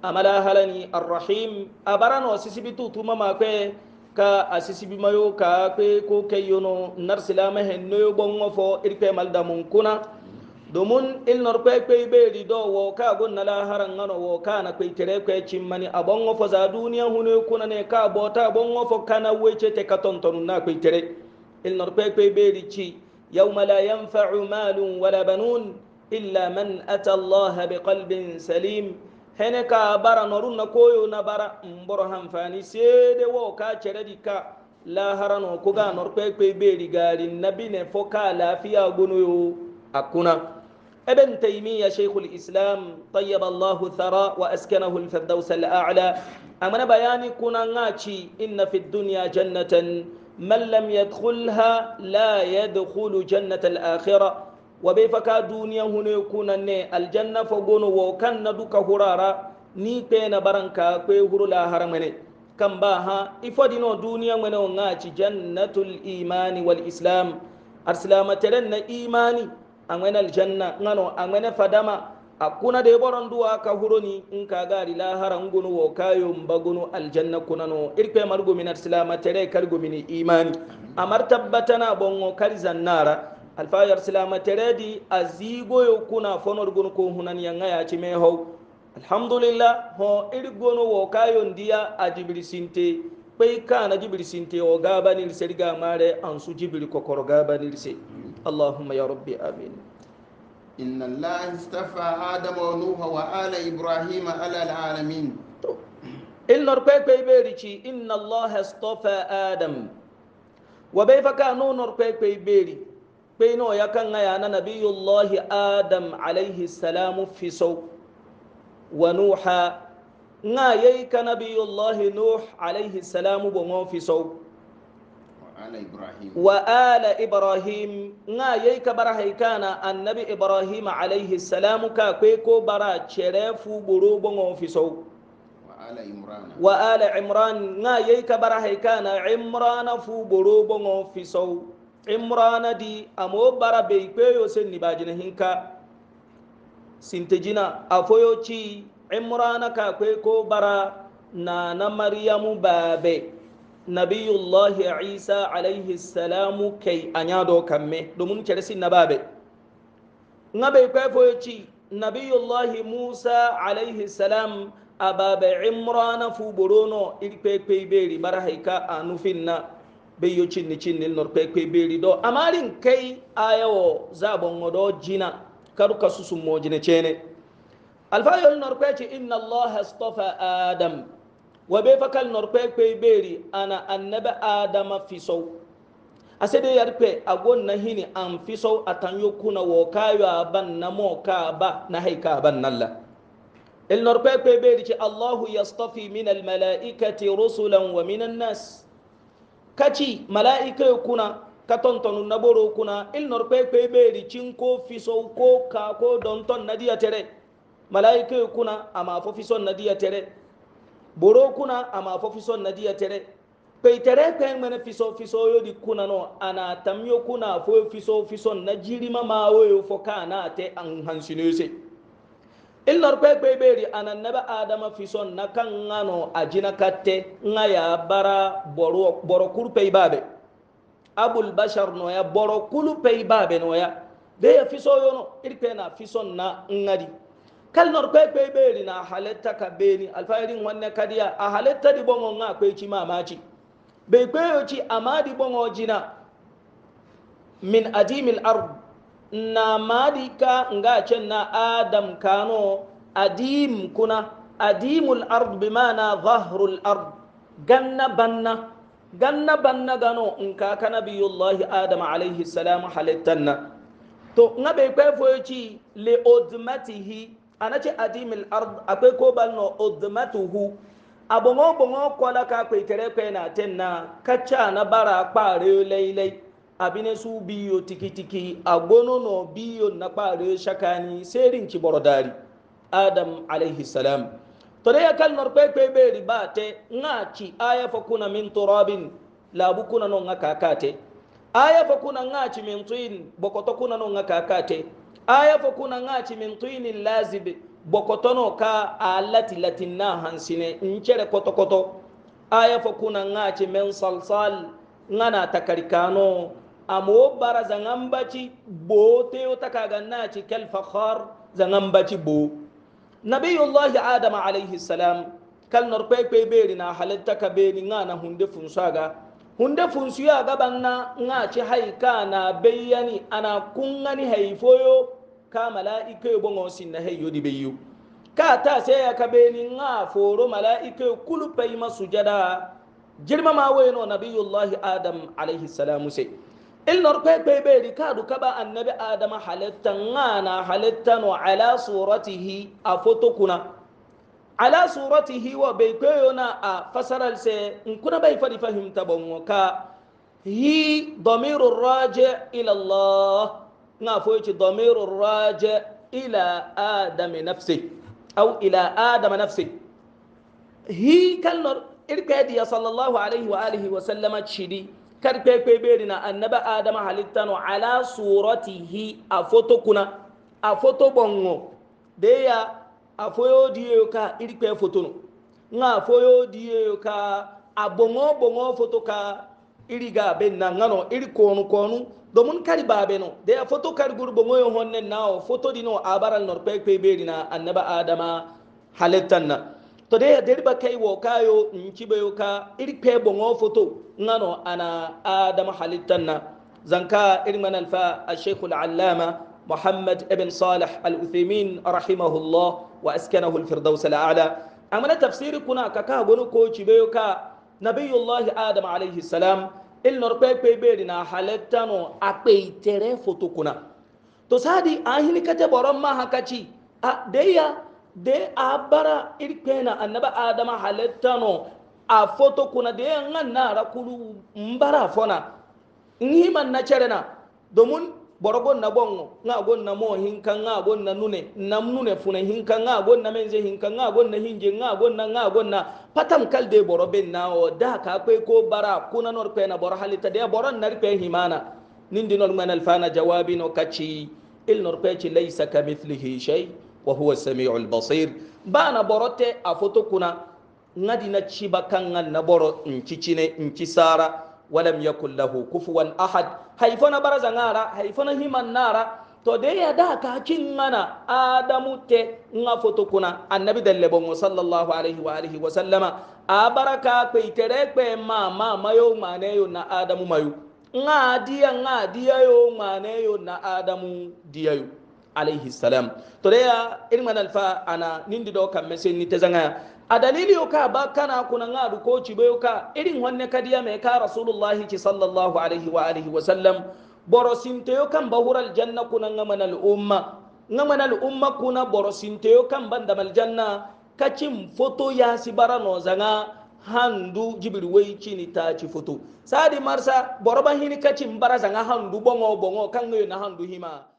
amala halani arrahim abara no sisibitu tuma ma kwe ka asisibi mayo ka kwe ko kayono nar silama hen no yo bongo fo irpe mal damun kuna domin ilnor kwe kwe be rido wo ka gun na laharan ngano wo ka na kwe tere kwe chimmani abongo fo za duniya hune kuna ne ka bota bongo fo kana weche te katontonun na kwe tere النار كوي بيريتشي يوم لا ينفع مال ولا بنون إلا من أتى الله بقلب سليم هناك برا نورنا كويو نبرا مبرهم فاني سيد ووكا تشرديكا لا هرانو كوغا نور كوي كوي بيري غاري النبي نفوكا لا فيا غنويو أكونا ابن تيمية شيخ الإسلام طيب الله ثراء وأسكنه الفردوس الأعلى أمن بياني كنا ناتي إن في الدنيا جنة من لم يدخلها لا يدخل جنة الآخرة وبيفكا دنيا هنا يكون ني الجنة فقون وكان ندوك هرارا ني تينا برانكا كوي هرو لا هرمني كم باها إفادنا دنيا منو ناتي جنة الإيمان والإسلام أرسلامة لنا إيماني أمين الجنة نانو أمين فدما akuna de boron duwa ka huroni in ka gari laharan gunu wo kayo mbagunu aljanna kunano irpe margo min silama tere kargo min imani amar tabbatana bongo kari zannara alfayar silama tere di azigo yo kuna fonor gunu ko hunan yanga ya ci me ho alhamdulillah ho irgono wo kayo ndiya ajibiri sinte pei kana jibiri sinte o gabanir serga mare ansu jibiri kokoro gabanir se allahumma ya rabbi amin إن الله استفى آدم ونوح وآل إبراهيم على العالمين إلا ركوك بيبيري إن الله استفى آدم وبيفا كانوا نركوك بيبيري بينو يكن يا نبي الله آدم عليه السلام في سو ونوح نا يك نبي الله نوح عليه السلام بمو في سو وآل إبراهيم نا يك برا كان النبي إبراهيم عليه السلام كاكويكو برا تشرفو بروبو في سو وآل عمران وآل عمران نا يك برا كان عمران فو بروبو في سو عمران دي أمو برا بيكويو سن باجنا هنكا سنتجنا أفويو تشي عمران كاكويكو برا نانا مريم بابي nabiyullahi isa alayhi salamu kai anyado kamme domin keresi nababe ngabe kwefo yaci nabiyullahi musa alayhi salam ababe imrana fu borono irpekpe beri barahaika anufinna be yo cinni cinnil nor pekpe beri do amarin kai ayawo zabon do jina kar ka susummo jine cene alfayol nor kweci inna allaha astafa adam wa be fakal nor pe pe beri ana annaba adama fiso asede yar pe agon na hini an fiso atan yokuna wo kayo aban na mo ka ba na hay ka ban nalla el nor pe beri ci allah yastafi min al malaikati rusulan wa min an nas kaci malaika yokuna katontonu naboro kuna il nor pe beri cin ko fiso ko ka ko don ton nadiya tere malaika yokuna ama fo fiso nadiya tere boro kuna ama fo fiso na dia tere pe tere pe mene fiso fiso yo di kuna no ana tamyo kuna fo fiso fiso na jiri mama wo yo fo kana te an hansinu se illar pei pe beri anan naba adama fiso na kan ngano ajina katte ngaya bara boro boro kurpe babe abul bashar no ya boro kulu pe babe no ya de ya fiso yo no irpe na fiso na ngadi kalnor kwe kwe beri na halatta ka beni alfairin wannan kadiya a halatta di bongo nga kwe ci mamaci bai kwe yo ci amma di bongo jina min adimil ard na madika nga cen na adam kano adim kuna adimul ard bi mana zahrul ard ganna banna ganna banna gano nka kana biyullahi adam alaihi salam halittanna to nga bai kwe foyo ci li odmatihi Ana anace adimil ard akwai ko balno udmatuhu abongo bongo kola ka kwai tere kwai na tenna kacha na bara kpare lailai abine su biyo tiki tiki agono no biyo na kpare shakani serin ki borodari adam alaihi salam to dai akal nor kwai kwai be ribate ngaci aya fa kuna min turabin labu kuna no ngaka kate aya fa kuna ngaci min tin bokoto kuna no ngaka kate aya fo kuna ngaci min tini lazib bokotono ka alati latinna hansine ncere koto koto aya fo kuna ngaci min salsal ngana takarikano amo bara zangambaci bo teo takaga naci kal fakhar zangambaci bo nabiyullahi adam alayhi salam kal nor kpekpe beri na halitta ka beni ngana hunde funsaga hunde funsuya gabanna ngaci haika na bayani ana kungani haifoyo ka malaika yo bongo sin na heyo di beyo ka ta se ya ka be ni nga foro malaika yo kulu pay masujada jirma ma wayno nabiyullahi adam alayhi salamu sai ilnor pepe beri kadu kaba annabi adam halatta ngana halatta no ala suratihi a foto kuna ala suratihi wa bai peyo na a fasaral se nkuna bai fadi fahimta bonwo ka hi damirur raji ila allah nga fo ci damiru raja ila adami nafsi aw ila adama nafsi hi kalnor irkadi ya sallallahu alaihi wa alihi wa sallama chidi kar pepe berina annaba adama halittano ala suratihi a foto kuna a foto bongo de ya a foyo diyo ka foto no nga foyo diyo a bongo bongo foto ka iri ga ben na ngano iri konu konu domin kari babe no da ya foto kari gurbo moyo honne nawo foto dino abaral nor pe pe be dina annaba adama halittan na to da ya derba kai wo kayo nci be ka iri pe bongo foto ngano ana adama halittan zanka iri man alfa al-shaykh al-allama محمد ابن صالح الأثيمين رحمه الله وأسكنه الفردوس الأعلى أما تفسير كنا كاكا غنو كوتشي بيوكا nabiyullahi adam alayhi salam il nor pe pe be na halattano ape itere fotokuna to sadi ahini kate boron ma hakachi a deya de abara irkena annaba adam halattano a fotokuna de ngan na rakulu mbara fona ngiman na cerena domin borogon na bongo nga gon na mo hinka nga gon na nune nam nune funa hinka nga gon na menze hinka nga gon na hinje nga gon na nga gon na patam kalde boroben na o da ka kwe ko bara kuna nor kwe na boro halita de boron nar kwe himana nindi nor man alfana jawabi no kachi il nor kwe chi laysa ka mithlihi shay wa huwa samiul basir bana borote a foto kuna ngadi na chiba kan na boro nchichine nchisara walam yakul lahu kufuwan ahad haifana baraza ngara haifana himan nara to de ya da ka kin mana adamu te nga foto kuna annabi dalle bon sallallahu alaihi wa alihi wa sallama abaraka pe itere pe ma ma mayo mane yo na adamu mayo nga dia nga dia yo mane yo na adamu dia yo alaihi salam to de ya irman alfa ana nindi do kam mesen ni te a dalili ka ba kana kuna ngadu ko ci bayo ka irin wanne kadiya mai ka rasulullahi ci sallallahu alaihi wa alihi wa sallam borosinte yo kan bahural janna kuna ngaman al umma ngaman al umma kuna borosinte yo kan bandamal janna kacin foto ya si bara no zanga handu jibir wai cini ta ci foto sadi marsa boroban hini kacin bara zanga handu bongo bongo kan na handu hima